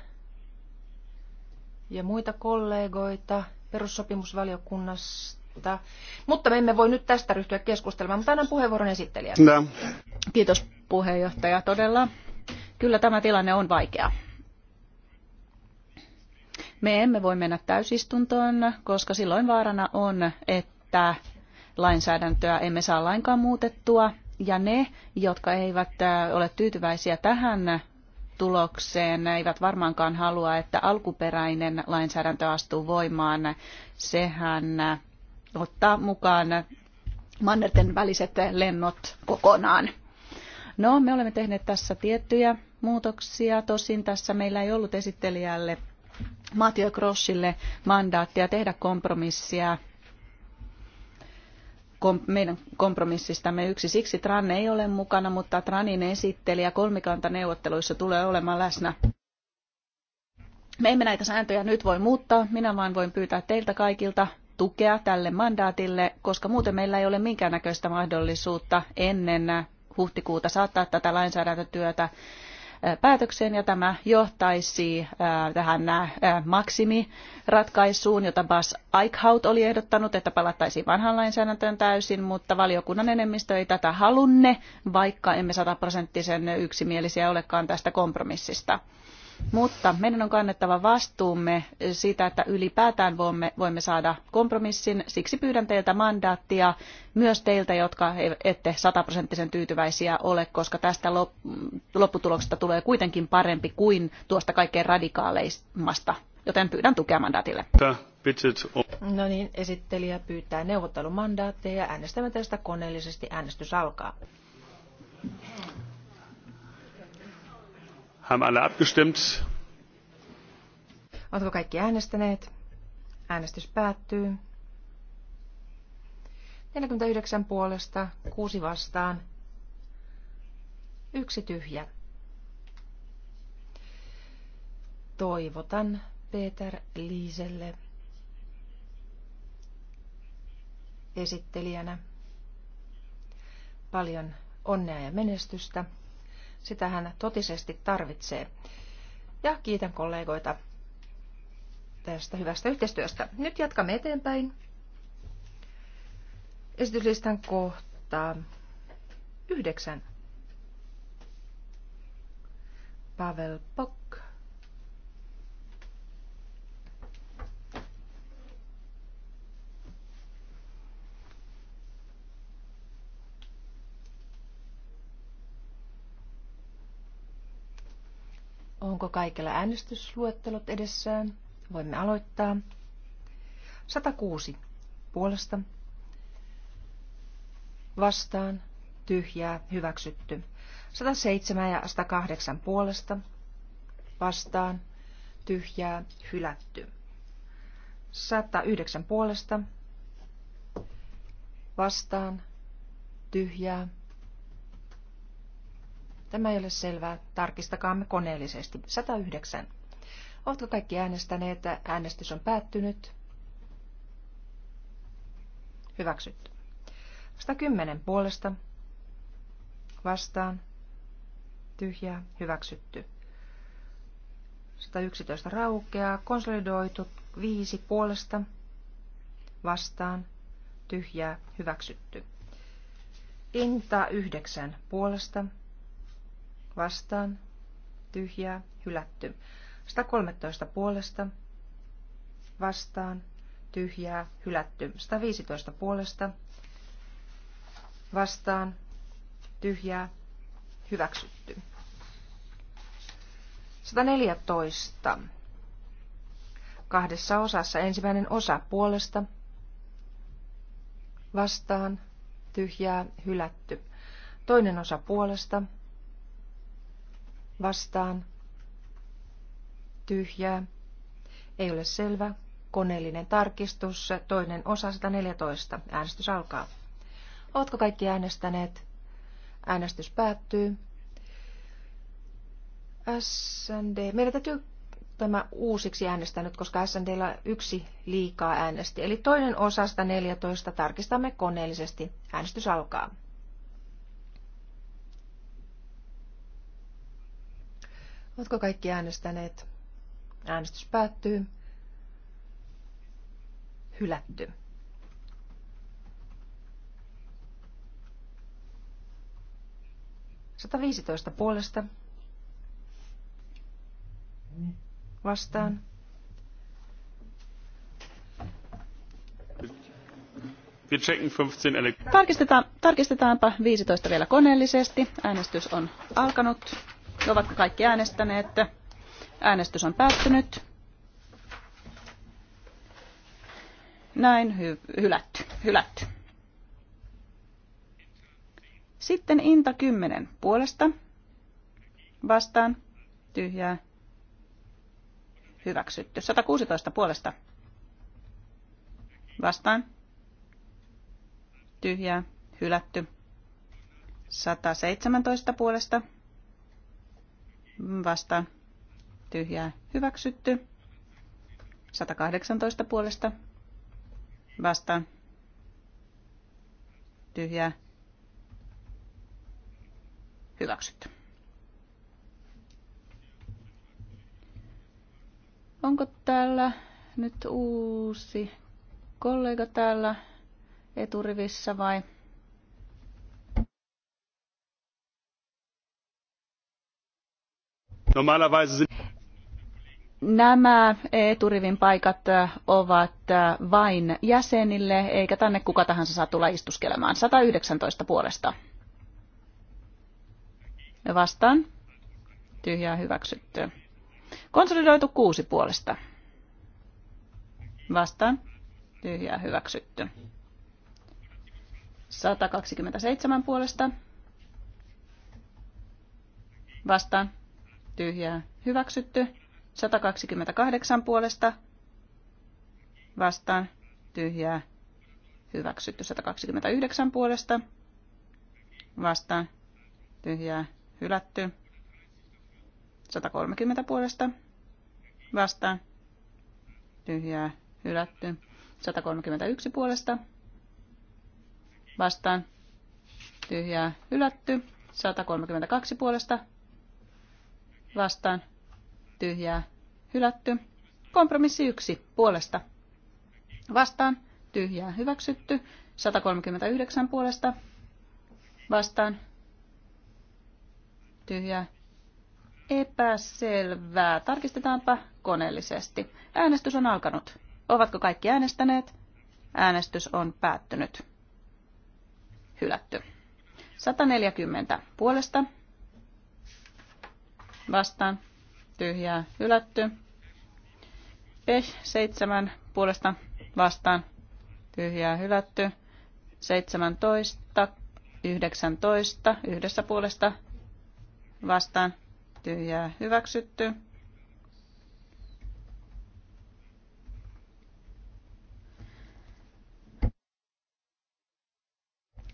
ja muita kollegoita perussopimusvaliokunnasta. Mutta me emme voi nyt tästä ryhtyä keskustelemaan, mutta annan puheenvuoron esittelijälle. No. Kiitos puheenjohtaja. Todella, kyllä tämä tilanne on vaikea. Me emme voi mennä täysistuntoon, koska silloin vaarana on, että lainsäädäntöä emme saa lainkaan muutettua. Ja ne, jotka eivät ole tyytyväisiä tähän tulokseen. Ne eivät varmaankaan halua, että alkuperäinen lainsäädäntö astuu voimaan. Sehän ottaa mukaan mannerten väliset lennot kokonaan. No, me olemme tehneet tässä tiettyjä muutoksia. Tosin tässä meillä ei ollut esittelijälle Matio Grossille mandaattia tehdä kompromissia meidän kompromissistamme yksi. Siksi Tran ei ole mukana, mutta Tranin esittelijä kolmikantaneuvotteluissa tulee olemaan läsnä. Me emme näitä sääntöjä nyt voi muuttaa, minä vaan voin pyytää teiltä kaikilta tukea tälle mandaatille, koska muuten meillä ei ole minkäännäköistä mahdollisuutta ennen huhtikuuta saattaa tätä lainsäädäntötyötä päätökseen ja tämä johtaisi tähän maksimiratkaisuun, jota Bas Eichhout oli ehdottanut, että palattaisiin vanhan lainsäädäntöön täysin, mutta valiokunnan enemmistö ei tätä halunne, vaikka emme sataprosenttisen yksimielisiä olekaan tästä kompromissista. Mutta meidän on kannettava vastuumme siitä, että ylipäätään voimme, voimme saada kompromissin. Siksi pyydän teiltä mandaattia, myös teiltä, jotka e, ette sataprosenttisen tyytyväisiä ole, koska tästä lopputuloksesta tulee kuitenkin parempi kuin tuosta kaikkein radikaaleimmasta. Joten pyydän tukea mandaatille. No niin, esittelijä pyytää neuvottelumandaatteja ja äänestämme tästä koneellisesti. Äänestys alkaa. Haben alle abgestimmt? Oletko kaikki äänestäneet? Äänestys päättyy. 49 puolesta, 6 vastaan, 1 tyhjä. Toivotan Peter Liiselle esittelijänä paljon onnea ja menestystä. Sitä hän totisesti tarvitsee. Ja kiitän kollegoita tästä hyvästä yhteistyöstä. Nyt jatkamme eteenpäin. Esityslistan kohta yhdeksän. Pavel Pock. Onko kaikilla äänestysluettelot edessään? Voimme aloittaa. 106 puolesta. Vastaan. Tyhjää. Hyväksytty. 107 ja 108 puolesta. Vastaan. Tyhjää. Hylätty. 109 puolesta. Vastaan. Tyhjää Tämä ei ole selvää. Tarkistakaamme koneellisesti. 109. Oletko kaikki äänestäneet? Äänestys on päättynyt. Hyväksytty. 110 puolesta. Vastaan. Tyhjää. Hyväksytty. 111 raukeaa. Konsolidoitu 5 puolesta. Vastaan. Tyhjää. Hyväksytty. Inta 9 puolesta vastaan, tyhjää, hylätty. 113 puolesta, vastaan, tyhjää, hylätty. 115 puolesta, vastaan, tyhjää, hyväksytty. 114. Kahdessa osassa ensimmäinen osa puolesta, vastaan, tyhjää, hylätty. Toinen osa puolesta, vastaan, tyhjää, ei ole selvä, koneellinen tarkistus, toinen osa 114, äänestys alkaa. Ootko kaikki äänestäneet? Äänestys päättyy. SND. Meidän täytyy tämä uusiksi äänestänyt, koska SNDllä yksi liikaa äänesti. Eli toinen osa 114 tarkistamme koneellisesti. Äänestys alkaa. Oletko kaikki äänestäneet? Äänestys päättyy. Hylätty. Sata viisitoista puolesta. Vastaan. Tarkistetaan, tarkistetaanpa 15 vielä koneellisesti. Äänestys on alkanut. Ovatko kaikki äänestäneet? Äänestys on päättynyt. Näin hy- hylätty. hylätty. Sitten Inta 10 puolesta. Vastaan. Tyhjää. Hyväksytty. 116 puolesta. Vastaan. Tyhjää. Hylätty. 117 puolesta vastaan tyhjää hyväksytty. 118 puolesta vastaan tyhjää hyväksytty. Onko täällä nyt uusi kollega täällä eturivissä vai? Normalerweise Nämä eturivin paikat äh, ovat äh, vain jäsenille, eikä tänne kuka tahansa saa tulla istuskelemaan. 119 puolesta. Vastaan. Tyhjää hyväksytty. Konsolidoitu kuusi puolesta. Vastaan. Tyhjää hyväksytty. 127 puolesta. Vastaan tyhjää hyväksytty. 128 puolesta vastaan tyhjää hyväksytty. 129 puolesta vastaan tyhjää hylätty. 130 puolesta vastaan tyhjää hylätty. 131 puolesta vastaan tyhjää hylätty. 132 puolesta vastaan tyhjää hylätty. Kompromissi yksi puolesta vastaan tyhjää hyväksytty. 139 puolesta vastaan tyhjää epäselvää. Tarkistetaanpa koneellisesti. Äänestys on alkanut. Ovatko kaikki äänestäneet? Äänestys on päättynyt. Hylätty. 140 puolesta vastaan tyhjää hylätty. Pech 7 puolesta vastaan tyhjää hylätty. 17, 19 yhdessä puolesta vastaan tyhjää hyväksytty.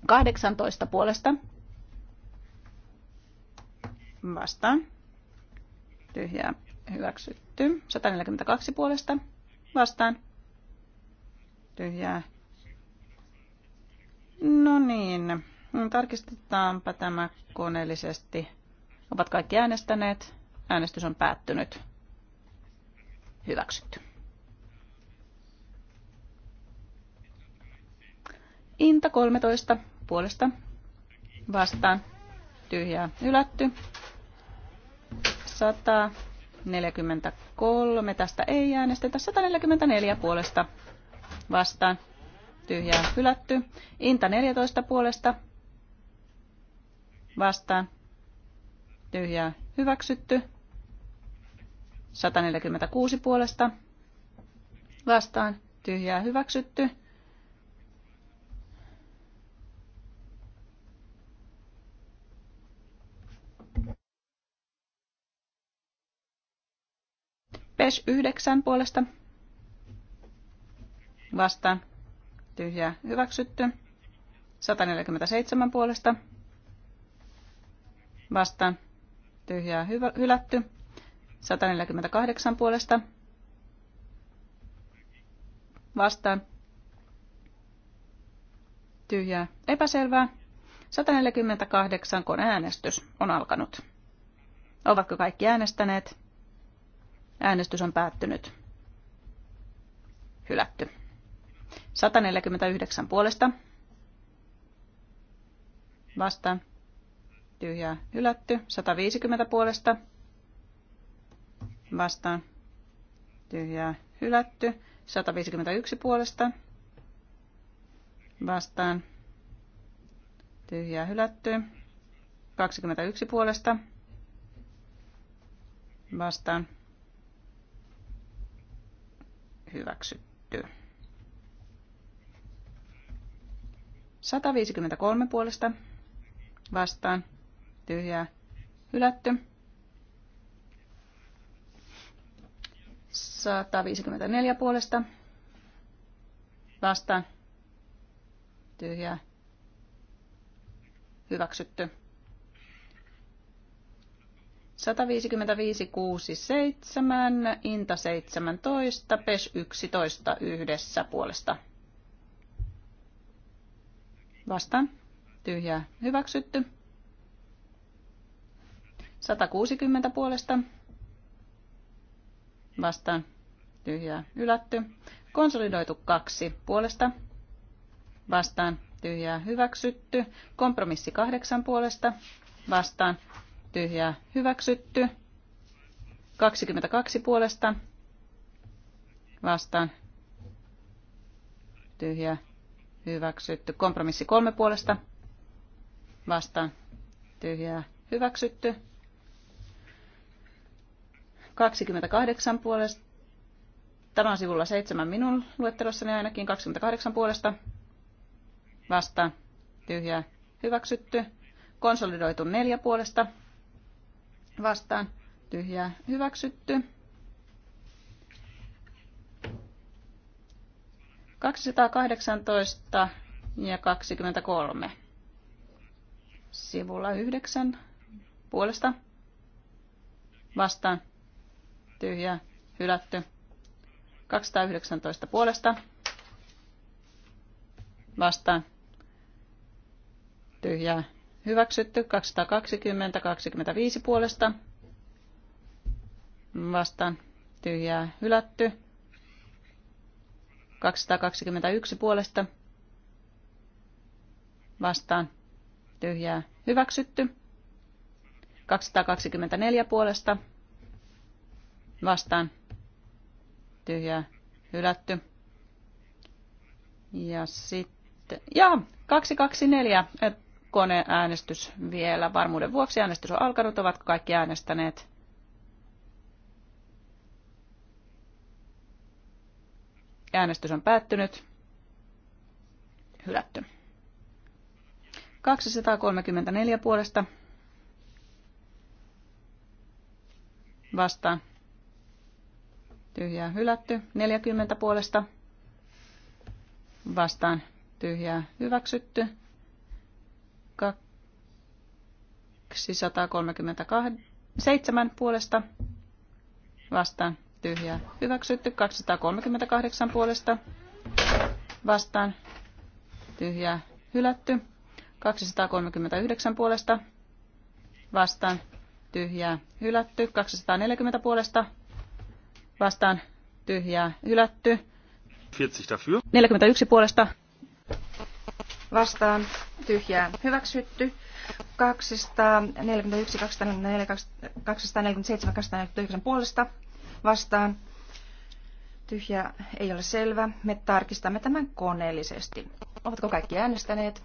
Kahdeksantoista puolesta vastaan tyhjää hyväksytty. 142 puolesta vastaan tyhjää. No niin, tarkistetaanpa tämä koneellisesti. Ovat kaikki äänestäneet. Äänestys on päättynyt. Hyväksytty. Inta 13 puolesta vastaan. Tyhjää hylätty. 143, tästä ei äänestetä, 144 puolesta vastaan, tyhjää hylätty. Inta 14 puolesta vastaan, tyhjää hyväksytty. 146 puolesta vastaan, tyhjää hyväksytty. Pes 9 puolesta. Vastaan. Tyhjää hyväksytty. 147 puolesta. Vastaan. Tyhjää hyvä, hylätty. 148 puolesta. Vastaan. Tyhjää epäselvää. 148 äänestys on alkanut. Ovatko kaikki äänestäneet? Äänestys on päättynyt. Hylätty. 149 puolesta. Vastaan. Tyhjää hylätty. 150 puolesta. Vastaan. Tyhjää hylätty. 151 puolesta. Vastaan. Tyhjää hylätty. 21 puolesta. Vastaan hyväksytty. 153 puolesta vastaan tyhjää hylätty. 154 puolesta vastaan tyhjää hyväksytty. 155, 6, 7, Inta 17, PES 11 yhdessä puolesta. Vastaan. Tyhjää hyväksytty. 160 puolesta. Vastaan. Tyhjää ylätty. Konsolidoitu 2 puolesta. Vastaan. Tyhjää hyväksytty. Kompromissi 8 puolesta. Vastaan tyhjää hyväksytty. 22 puolesta vastaan tyhjää hyväksytty. Kompromissi kolme puolesta vastaan tyhjää hyväksytty. 28 puolesta. Tämä on sivulla 7 minun luettelossani ainakin 28 puolesta vastaan tyhjää hyväksytty. Konsolidoitu 4 puolesta vastaan tyhjää hyväksytty. 218 ja 23. Sivulla 9 puolesta vastaan tyhjää hylätty. 219 puolesta vastaan tyhjää Hyväksytty 220, 25 puolesta. Vastaan tyhjää hylätty. 221 puolesta. Vastaan tyhjää hyväksytty. 224 puolesta. Vastaan tyhjää hylätty. Ja sitten, ja 224, koneäänestys vielä varmuuden vuoksi. Äänestys on alkanut. Ovatko kaikki äänestäneet? Äänestys on päättynyt. Hylätty. 234 puolesta. Vastaan. Tyhjää hylätty. 40 puolesta. Vastaan. Tyhjää hyväksytty. 237 puolesta vastaan tyhjää hyväksytty. 238 puolesta vastaan tyhjää hylätty. 239 puolesta vastaan tyhjää hylätty. 240 puolesta vastaan tyhjää hylätty. 40 dafür. 41 puolesta vastaan tyhjää hyväksytty. 241, 247, 249 puolesta vastaan tyhjää ei ole selvä. Me tarkistamme tämän koneellisesti. Ovatko kaikki äänestäneet?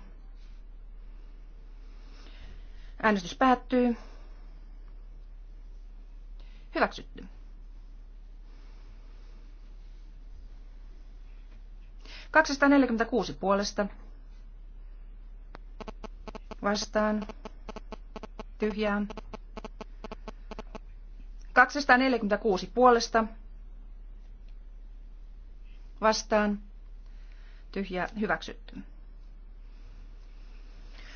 Äänestys päättyy. Hyväksytty. 246 puolesta vastaan tyhjään. 246 puolesta vastaan tyhjä hyväksytty.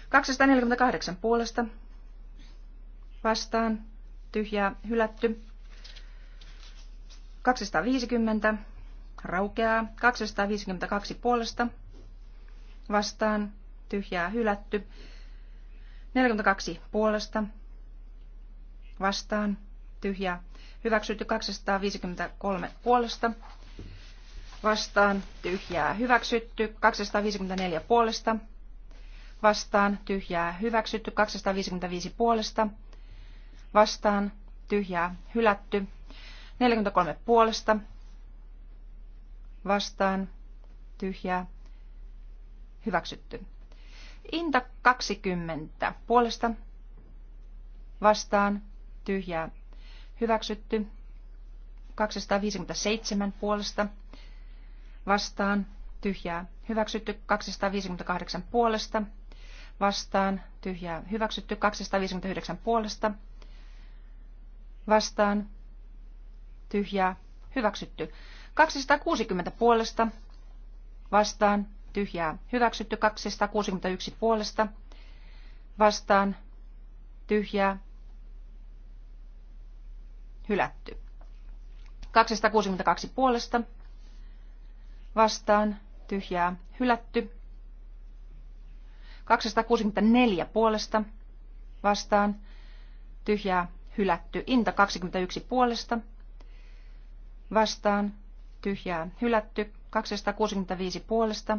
248 puolesta vastaan tyhjää hylätty. 250 raukeaa. 252 puolesta vastaan tyhjää hylätty. 42 puolesta vastaan tyhjää. Hyväksytty 253 puolesta vastaan tyhjää. Hyväksytty 254 puolesta vastaan tyhjää. Hyväksytty 255 puolesta vastaan tyhjää. Hylätty 43 puolesta vastaan tyhjää. Hyväksytty. Inta 20 puolesta vastaan tyhjää hyväksytty. 257 puolesta vastaan tyhjää hyväksytty. 258 puolesta vastaan tyhjää hyväksytty. 259 puolesta vastaan tyhjää hyväksytty. 260 puolesta vastaan tyhjää hyväksytty 261 puolesta vastaan tyhjää hylätty. 262 puolesta vastaan tyhjää hylätty. 264 puolesta vastaan tyhjää hylätty. Inta 21 puolesta vastaan tyhjää hylätty. 265 puolesta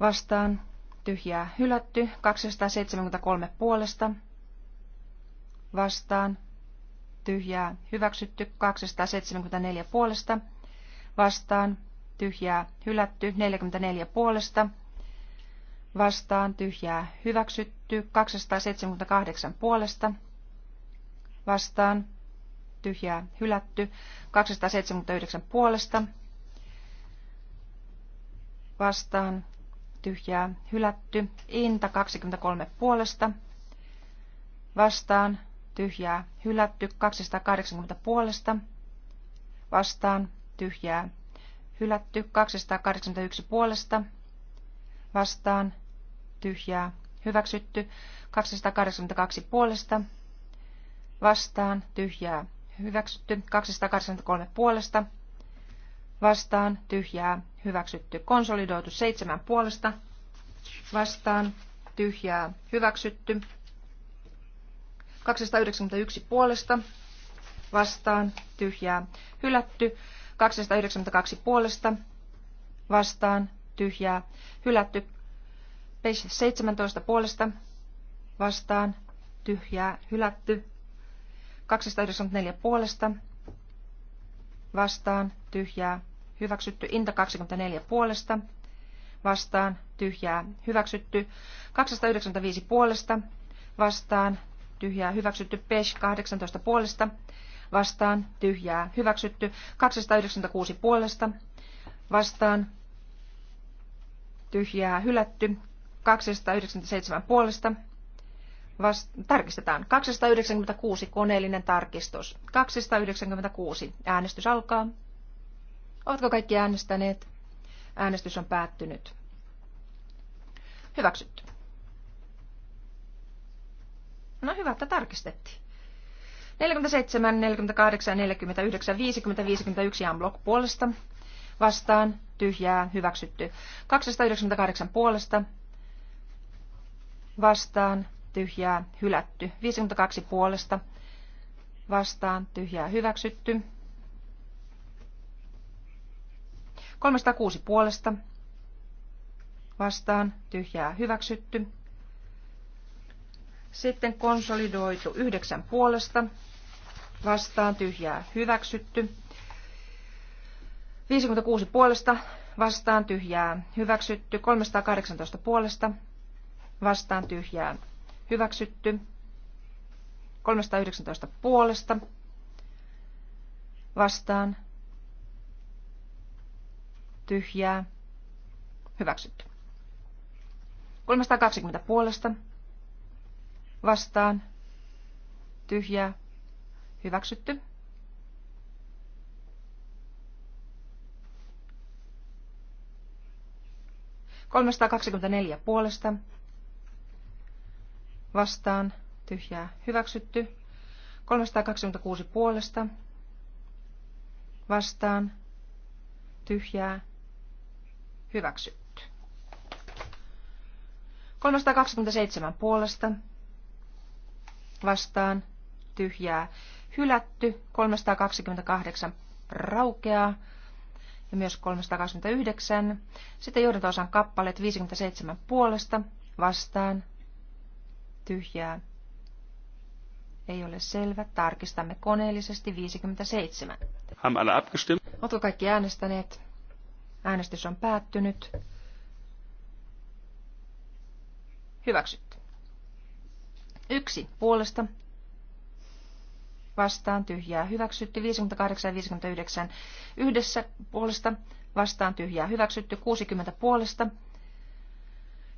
vastaan, tyhjää hylätty, 273 puolesta, vastaan, tyhjää hyväksytty, 274 puolesta, vastaan, tyhjää hylätty, 44 puolesta, vastaan, tyhjää hyväksytty, 278 puolesta, vastaan, tyhjää hylätty, 279 puolesta, vastaan, tyhjää hylätty. Inta 23 puolesta vastaan tyhjää hylätty. 280 puolesta vastaan tyhjää hylätty. 281 puolesta vastaan tyhjää hyväksytty. 282 puolesta vastaan tyhjää hyväksytty. 283 puolesta vastaan tyhjää hyväksytty. Konsolidoitu seitsemän puolesta vastaan tyhjää hyväksytty. 291 puolesta vastaan tyhjää hylätty. 292 puolesta vastaan tyhjää hylätty. 17 puolesta vastaan tyhjää hylätty. 294 puolesta vastaan, tyhjää, hyväksytty. Inta 24 puolesta, vastaan, tyhjää, hyväksytty. 295 puolesta, vastaan, tyhjää, hyväksytty. PES 18 puolesta, vastaan, tyhjää, hyväksytty. 296 puolesta, vastaan, tyhjää, hylätty. 297 puolesta, Vast- tarkistetaan. 296 koneellinen tarkistus. 296. Äänestys alkaa. Oletko kaikki äänestäneet? Äänestys on päättynyt. Hyväksytty. No hyvä, että tarkistettiin. 47, 48, 49, 50, 51 ja blok puolesta. Vastaan, tyhjää, hyväksytty. 298 puolesta. Vastaan, tyhjää hylätty. 52 puolesta vastaan tyhjää hyväksytty. 306 puolesta vastaan tyhjää hyväksytty. Sitten konsolidoitu 9 puolesta vastaan tyhjää hyväksytty. 56 puolesta vastaan tyhjää hyväksytty. 318 puolesta vastaan tyhjää Hyväksytty. 319 puolesta. Vastaan. Tyhjää. Hyväksytty. 320 puolesta. Vastaan. Tyhjää. Hyväksytty. 324 puolesta vastaan, tyhjää hyväksytty. 326 puolesta vastaan, tyhjää hyväksytty. 327 puolesta vastaan, tyhjää hylätty. 328 raukeaa ja myös 329. Sitten johdanto-osan kappaleet 57 puolesta vastaan, tyhjää. Ei ole selvä. Tarkistamme koneellisesti 57. Oletko kaikki äänestäneet? Äänestys on päättynyt. Hyväksytty. Yksi puolesta. Vastaan tyhjää hyväksytty. 58 ja 59 yhdessä puolesta. Vastaan tyhjää hyväksytty. 60 puolesta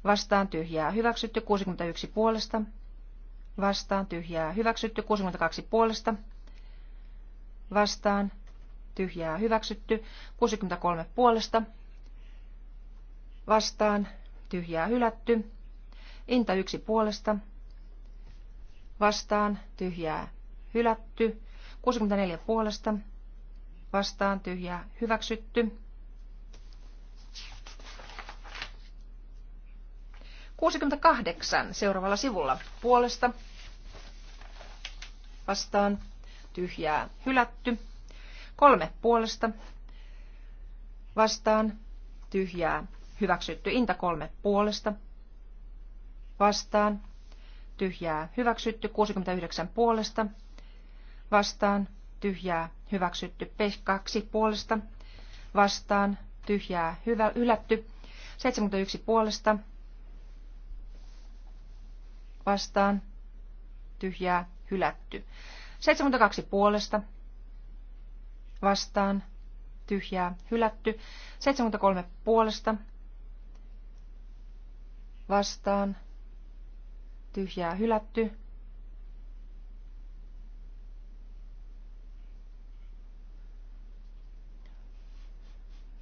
vastaan tyhjää hyväksytty 61 puolesta, vastaan tyhjää hyväksytty 62 puolesta, vastaan tyhjää hyväksytty 63 puolesta, vastaan tyhjää hylätty, inta 1 puolesta, vastaan tyhjää hylätty, 64 puolesta, vastaan tyhjää hyväksytty, 68 seuraavalla sivulla puolesta vastaan tyhjää hylätty. Kolme puolesta vastaan tyhjää hyväksytty. Inta kolme puolesta vastaan tyhjää hyväksytty. 69 puolesta vastaan tyhjää hyväksytty. p 2 puolesta vastaan tyhjää hylätty. 71 puolesta vastaan tyhjää hylätty. 72 puolesta vastaan tyhjää hylätty. 73 puolesta vastaan tyhjää hylätty.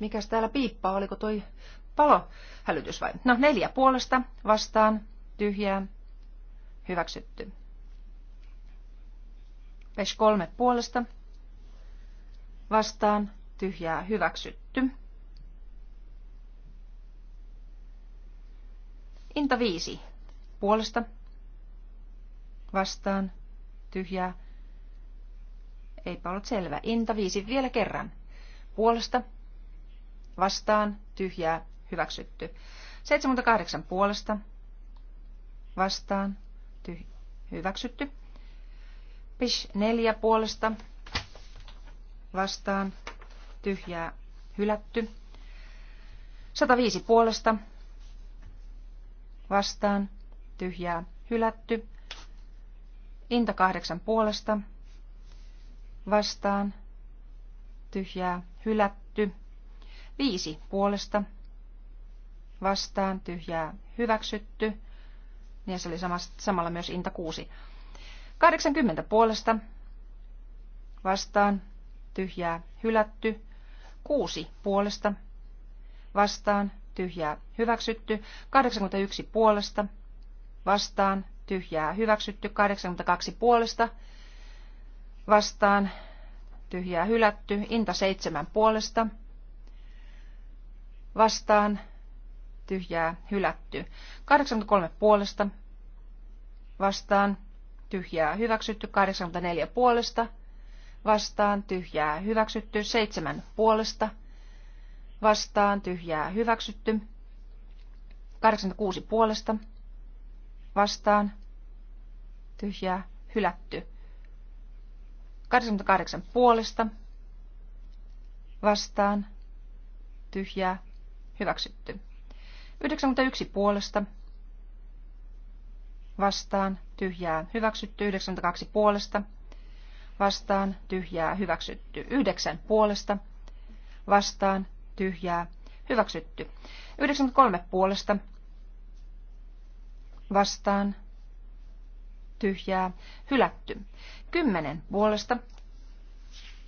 Mikäs täällä piippaa? Oliko toi palo? Hälytys vai? No, neljä puolesta vastaan, tyhjää, Hyväksytty. Pes kolme puolesta. Vastaan. Tyhjää. Hyväksytty. Inta viisi. Puolesta. Vastaan. Tyhjää. Eipä ollut selvä. Inta viisi vielä kerran. Puolesta. Vastaan. Tyhjää. Hyväksytty. 78 puolesta. Vastaan tehty, hyväksytty. PIS 4 puolesta vastaan tyhjää hylätty. 105 puolesta vastaan tyhjää hylätty. Inta 8 puolesta vastaan tyhjää hylätty. 5 puolesta vastaan tyhjää hyväksytty. Ja se oli samalla myös Inta 6. 80 puolesta vastaan tyhjää hylätty. 6 puolesta vastaan tyhjää hyväksytty. 81 puolesta vastaan tyhjää hyväksytty. 82 puolesta vastaan tyhjää hylätty. Inta 7 puolesta vastaan tyhjää, hylätty. 83 puolesta vastaan, tyhjää, hyväksytty. 84 puolesta vastaan, tyhjää, hyväksytty. 7 puolesta vastaan, tyhjää, hyväksytty. 86 puolesta vastaan, tyhjää, hylätty. 88 puolesta vastaan, tyhjää, hyväksytty. 91 puolesta vastaan tyhjää hyväksytty, 92 puolesta vastaan tyhjää hyväksytty, 9 puolesta vastaan tyhjää hyväksytty, 93 puolesta vastaan tyhjää hylätty, 10 puolesta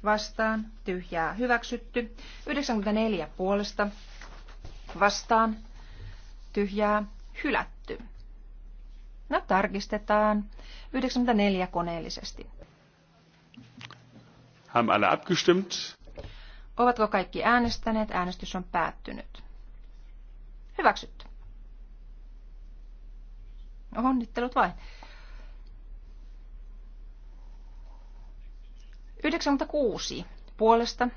vastaan tyhjää hyväksytty, 94 puolesta vastaan tyhjää, hylätty. No tarkistetaan. 94 koneellisesti. Haben alle abgestimmt? Ovatko kaikki äänestäneet? Äänestys on päättynyt. Hyväksytty. Onnittelut vain. 96 puolesta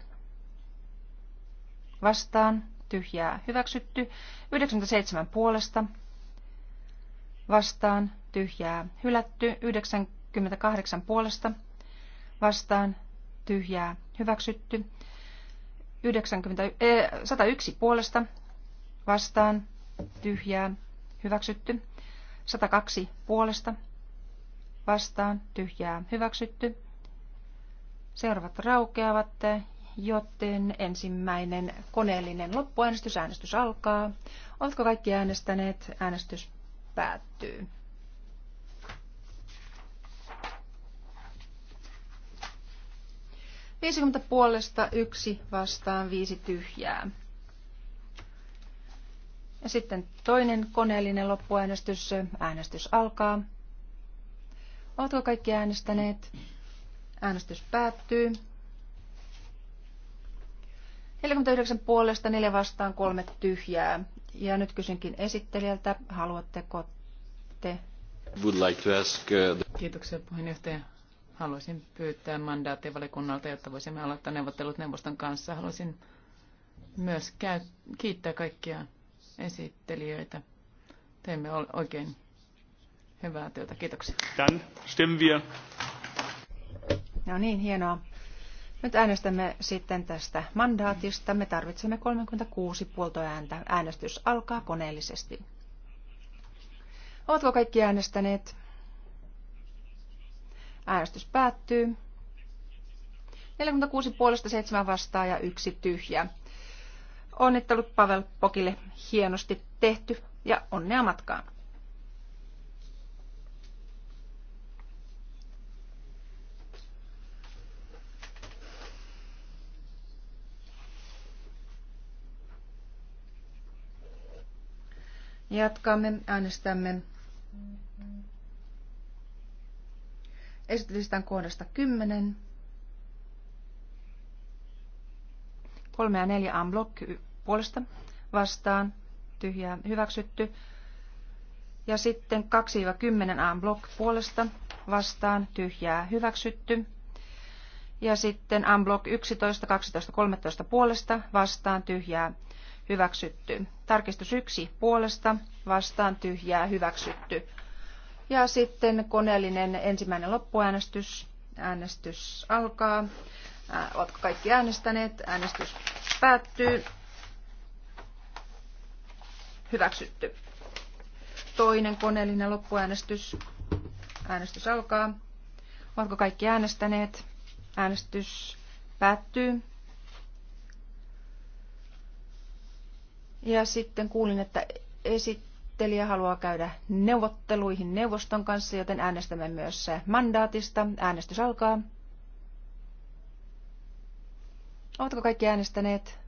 vastaan tyhjää hyväksytty. 97 puolesta vastaan tyhjää hylätty. 98 puolesta vastaan tyhjää hyväksytty. 90, eh, 101 puolesta vastaan tyhjää hyväksytty. 102 puolesta vastaan tyhjää hyväksytty. Seuraavat raukeavat joten ensimmäinen koneellinen loppuäänestys. Äänestys alkaa. Oletko kaikki äänestäneet? Äänestys päättyy. Viisikymmentä puolesta, yksi vastaan, viisi tyhjää. Ja sitten toinen koneellinen loppuäänestys. Äänestys alkaa. Oletko kaikki äänestäneet? Äänestys päättyy. 49 puolesta, 4 vastaan, 3 tyhjää. Ja nyt kysynkin esittelijältä, haluatteko te... Would like to ask, uh... Kiitoksia puheenjohtaja. Haluaisin pyytää mandaattia valikunnalta, jotta voisimme aloittaa neuvottelut neuvoston kanssa. Haluaisin myös käy- kiittää kaikkia esittelijöitä. Teimme oikein hyvää työtä. Kiitoksia. Dann stimmen wir. No niin, hienoa. Nyt äänestämme sitten tästä mandaatista. Me tarvitsemme 36 puoltoääntä. Äänestys alkaa koneellisesti. Ovatko kaikki äänestäneet? Äänestys päättyy. 46 puolesta 7 vastaa ja yksi tyhjä. Onnittelut Pavel Pokille hienosti tehty ja onnea matkaan. Jatkamme, äänestämme esityslistan kohdasta 10. 3 ja 4 on blokki puolesta vastaan, tyhjää hyväksytty. Ja sitten 2-10 aan block puolesta vastaan, tyhjää hyväksytty. Ja sitten aan block 11, 12, 13 puolesta vastaan, tyhjää hyväksytty. Tarkistus yksi puolesta, vastaan tyhjää, hyväksytty. Ja sitten koneellinen ensimmäinen loppuäänestys. Äänestys alkaa. Äh, Oletko kaikki äänestäneet? Äänestys päättyy. Hyväksytty. Toinen koneellinen loppuäänestys. Äänestys alkaa. Oletko kaikki äänestäneet? Äänestys päättyy. Ja sitten kuulin, että esittelijä haluaa käydä neuvotteluihin neuvoston kanssa, joten äänestämme myös mandaatista. Äänestys alkaa. Oletko kaikki äänestäneet?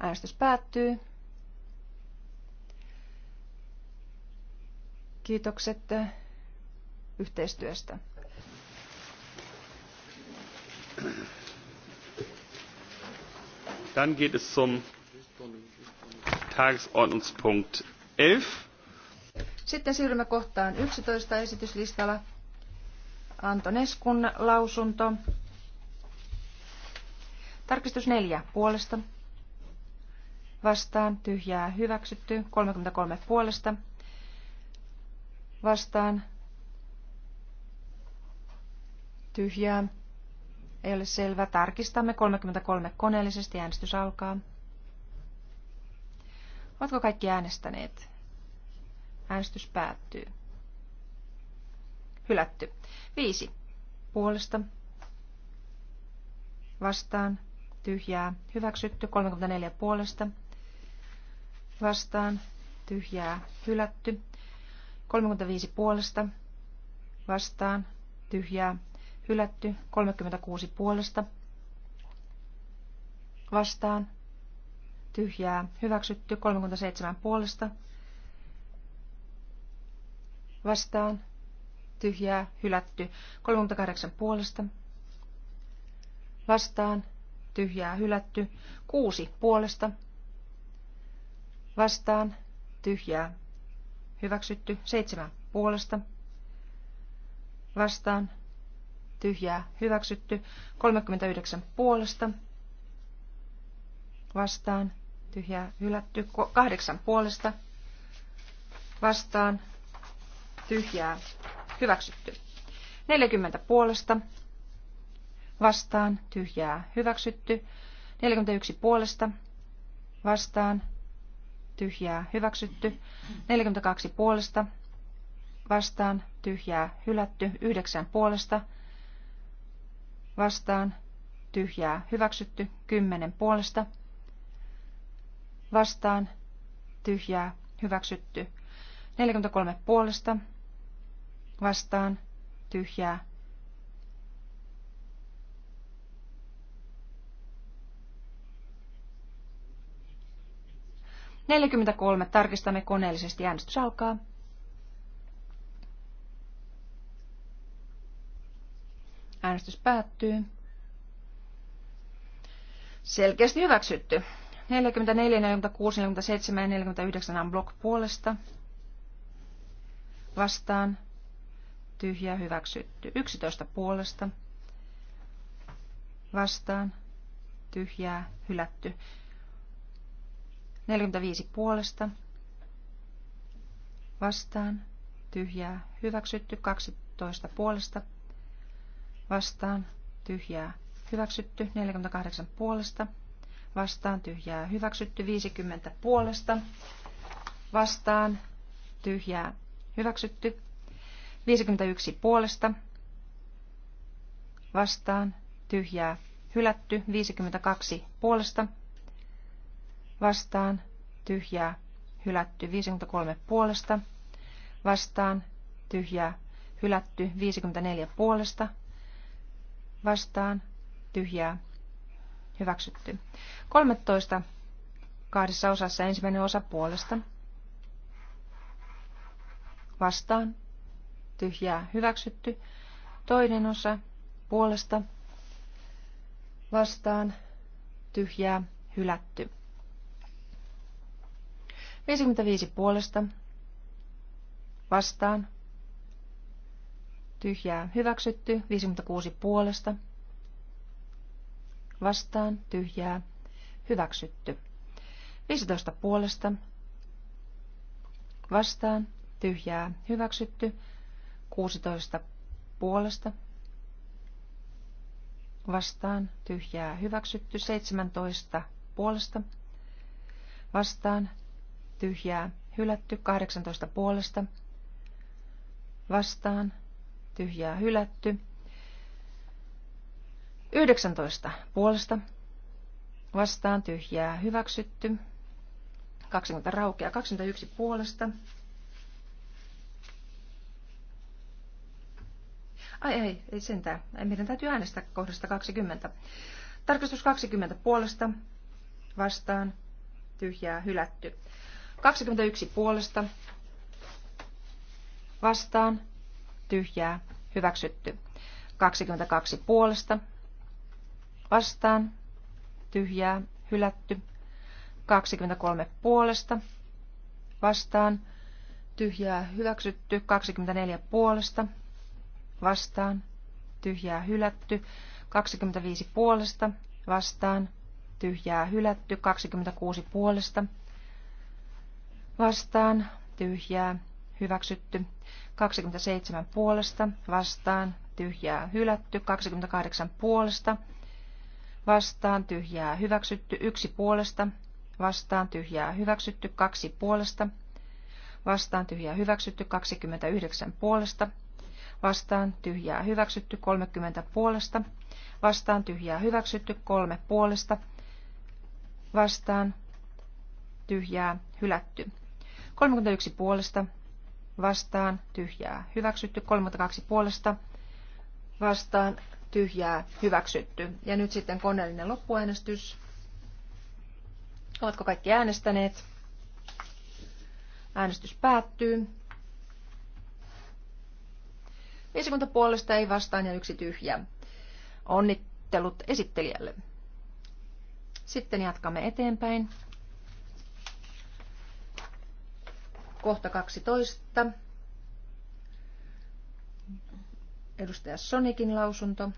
Äänestys päättyy. Kiitokset yhteistyöstä. Dann geht es zum Tagesordnungspunkt 11. Sitten siirrymme kohtaan 11 esityslistalla. Antoneskun lausunto. Tarkistus 4 puolesta. Vastaan tyhjää hyväksytty. 33 puolesta. Vastaan tyhjää. Ei ole selvä. Tarkistamme 33 koneellisesti. Äänestys alkaa. Ovatko kaikki äänestäneet? Äänestys päättyy. Hylätty. Viisi. Puolesta. Vastaan. Tyhjää. Hyväksytty. 34 puolesta. Vastaan. Tyhjää. Hylätty. 35 puolesta. Vastaan. Tyhjää. Hylätty. 36 puolesta. Vastaan tyhjää, hyväksytty 37 puolesta, vastaan, tyhjää, hylätty 38 puolesta, vastaan, tyhjää, hylätty 6 puolesta, vastaan, tyhjää, hyväksytty 7 puolesta, vastaan, tyhjää, hyväksytty 39 puolesta, vastaan, tyhjää hylätty. Kahdeksan puolesta vastaan tyhjää hyväksytty. 40 puolesta vastaan tyhjää hyväksytty. 41 puolesta vastaan tyhjää hyväksytty. 42 puolesta vastaan tyhjää hylätty. 9 puolesta vastaan tyhjää hyväksytty. 10 puolesta vastaan, vastaan, tyhjää, hyväksytty. 43 puolesta, vastaan, tyhjää. Neljäkymmentäkolme. Tarkistamme koneellisesti. Äänestys alkaa. Äänestys päättyy. Selkeästi hyväksytty. 44, 46, 47 ja 49 on blok puolesta. Vastaan. Tyhjä hyväksytty. 11 puolesta. Vastaan. Tyhjää hylätty. 45 puolesta. Vastaan. Tyhjää hyväksytty. 12 puolesta. Vastaan. Tyhjää hyväksytty. 48 puolesta vastaan tyhjää hyväksytty 50 puolesta vastaan tyhjää hyväksytty 51 puolesta vastaan tyhjää hylätty 52 puolesta vastaan tyhjää hylätty 53 puolesta vastaan tyhjää hylätty 54 puolesta vastaan tyhjää Hyväksytty. 13. Kahdessa osassa ensimmäinen osa puolesta. Vastaan. Tyhjää. Hyväksytty. Toinen osa puolesta. Vastaan. Tyhjää. Hylätty. 55 puolesta. Vastaan. Tyhjää. Hyväksytty. 56 puolesta vastaan, tyhjää, hyväksytty. 15 puolesta, vastaan, tyhjää, hyväksytty. 16 puolesta, vastaan, tyhjää, hyväksytty. 17 puolesta, vastaan, tyhjää, hylätty. 18 puolesta, vastaan, tyhjää, hylätty. 19 puolesta vastaan tyhjää hyväksytty. 20 raukea 21 puolesta. Ai ei, ei sentään. Meidän täytyy äänestää kohdasta 20. Tarkastus 20 puolesta vastaan tyhjää hylätty. 21 puolesta vastaan tyhjää hyväksytty. 22 puolesta vastaan, tyhjää, hylätty. 23 puolesta, vastaan, tyhjää, hyväksytty. 24 puolesta, vastaan, tyhjää, hylätty. 25 puolesta, vastaan, tyhjää, hylätty. 26 puolesta, vastaan, tyhjää, hyväksytty. 27 puolesta, vastaan, tyhjää, hylätty. 28 puolesta, vastaan tyhjää hyväksytty yksi puolesta, vastaan tyhjää hyväksytty kaksi puolesta, vastaan tyhjää hyväksytty 29 puolesta, vastaan tyhjää hyväksytty 30 puolesta, vastaan tyhjää hyväksytty kolme puolesta, vastaan tyhjää hylätty. 31 puolesta, vastaan tyhjää hyväksytty 32 puolesta, vastaan tyhjää hyväksytty. Ja nyt sitten koneellinen loppuäänestys. Ovatko kaikki äänestäneet? Äänestys päättyy. 50 puolesta ei vastaan ja yksi tyhjä. Onnittelut esittelijälle. Sitten jatkamme eteenpäin. Kohta 12 edustaja Sonikin lausunto.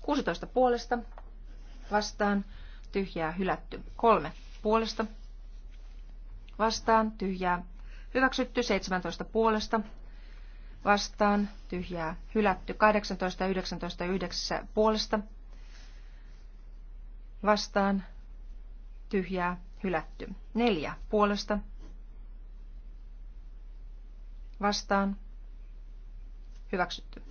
16 puolesta vastaan tyhjää hylätty. 3 puolesta vastaan tyhjää hyväksytty. 17 puolesta vastaan tyhjää hylätty. 18 ja 19 9 puolesta vastaan tyhjää hylätty. 4 puolesta vastaan Hyväksytty.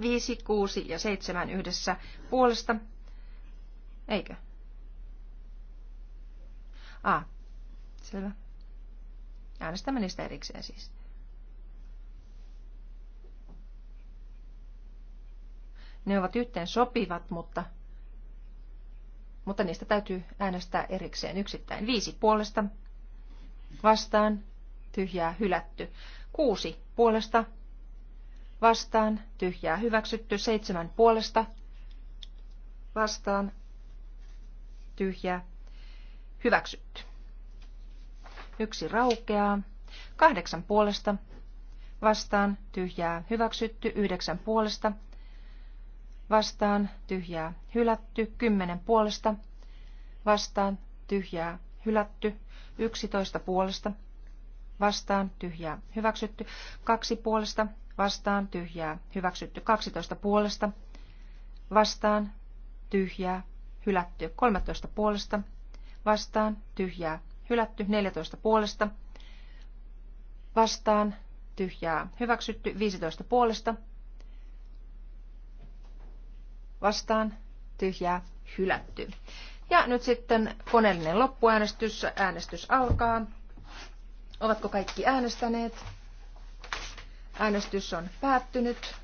5, 6 ja 7 yhdessä puolesta. Eikö? A. Selvä. Äänestämme niistä erikseen siis. Ne ovat yhteen sopivat, mutta, mutta niistä täytyy äänestää erikseen yksittäin. Viisi puolesta, vastaan, tyhjää, hylätty. Kuusi puolesta, vastaan, tyhjää hyväksytty, seitsemän puolesta, vastaan, tyhjää hyväksytty. Yksi raukeaa, kahdeksan puolesta, vastaan, tyhjää hyväksytty, yhdeksän puolesta, vastaan, tyhjää hylätty, kymmenen puolesta, vastaan, tyhjää hylätty, yksitoista puolesta, vastaan, tyhjää hyväksytty, kaksi puolesta, vastaan tyhjää, hyväksytty 12 puolesta, vastaan tyhjää, hylätty 13 puolesta, vastaan tyhjää, hylätty 14 puolesta, vastaan tyhjää, hyväksytty 15 puolesta, vastaan tyhjää, hylätty. Ja nyt sitten koneellinen loppuäänestys. Äänestys alkaa. Ovatko kaikki äänestäneet? Äänestys on päättynyt.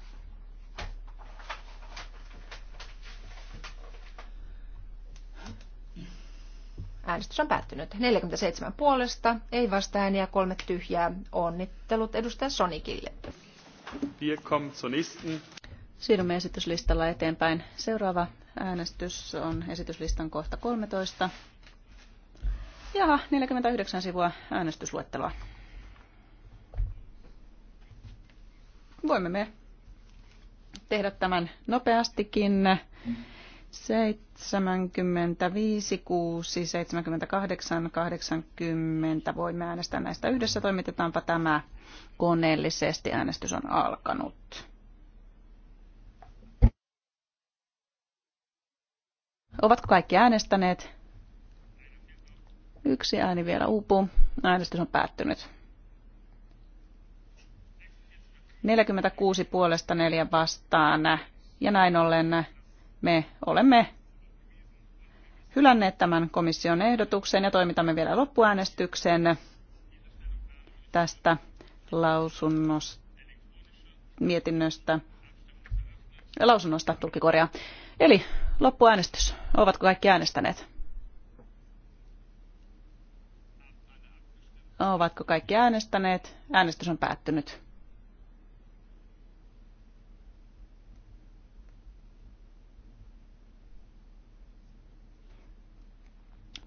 Äänestys on päättynyt. 47 puolesta, ei vasta ääniä, kolme tyhjää. Onnittelut edustaja Sonikille. Siirrymme esityslistalla eteenpäin. Seuraava äänestys on esityslistan kohta 13. Jaha, 49 sivua äänestysluetteloa. voimme me tehdä tämän nopeastikin. 75, 6, 78, 80. Voimme äänestää näistä yhdessä. Toimitetaanpa tämä koneellisesti. Äänestys on alkanut. Ovatko kaikki äänestäneet? Yksi ääni vielä uupuu. Äänestys on päättynyt. 46 puolesta neljä vastaan. Ja näin ollen me olemme hylänneet tämän komission ehdotuksen ja toimitamme vielä loppuäänestyksen tästä lausunnosta, mietinnöstä, lausunnosta tulkikorjaa. Eli loppuäänestys. Ovatko kaikki äänestäneet? Ovatko kaikki äänestäneet? Äänestys on päättynyt.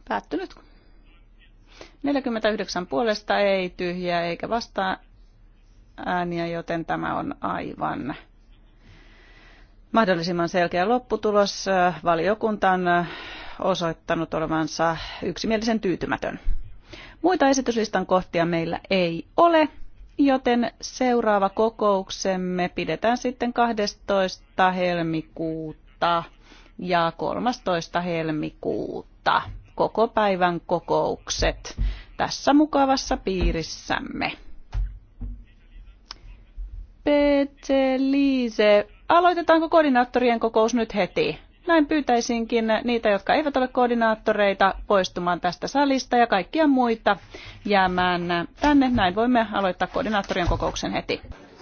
Päättynyt. 49 puolesta ei tyhjää eikä vastaa ääniä, joten tämä on aivan mahdollisimman selkeä lopputulos. Valiokunta on osoittanut olevansa yksimielisen tyytymätön. Muita esityslistan kohtia meillä ei ole, joten seuraava kokouksemme pidetään sitten 12. helmikuuta ja 13. helmikuuta koko päivän kokoukset tässä mukavassa piirissämme. Pete Liise, aloitetaanko koordinaattorien kokous nyt heti? Näin pyytäisinkin niitä, jotka eivät ole koordinaattoreita, poistumaan tästä salista ja kaikkia muita jäämään tänne. Näin voimme aloittaa koordinaattorien kokouksen heti.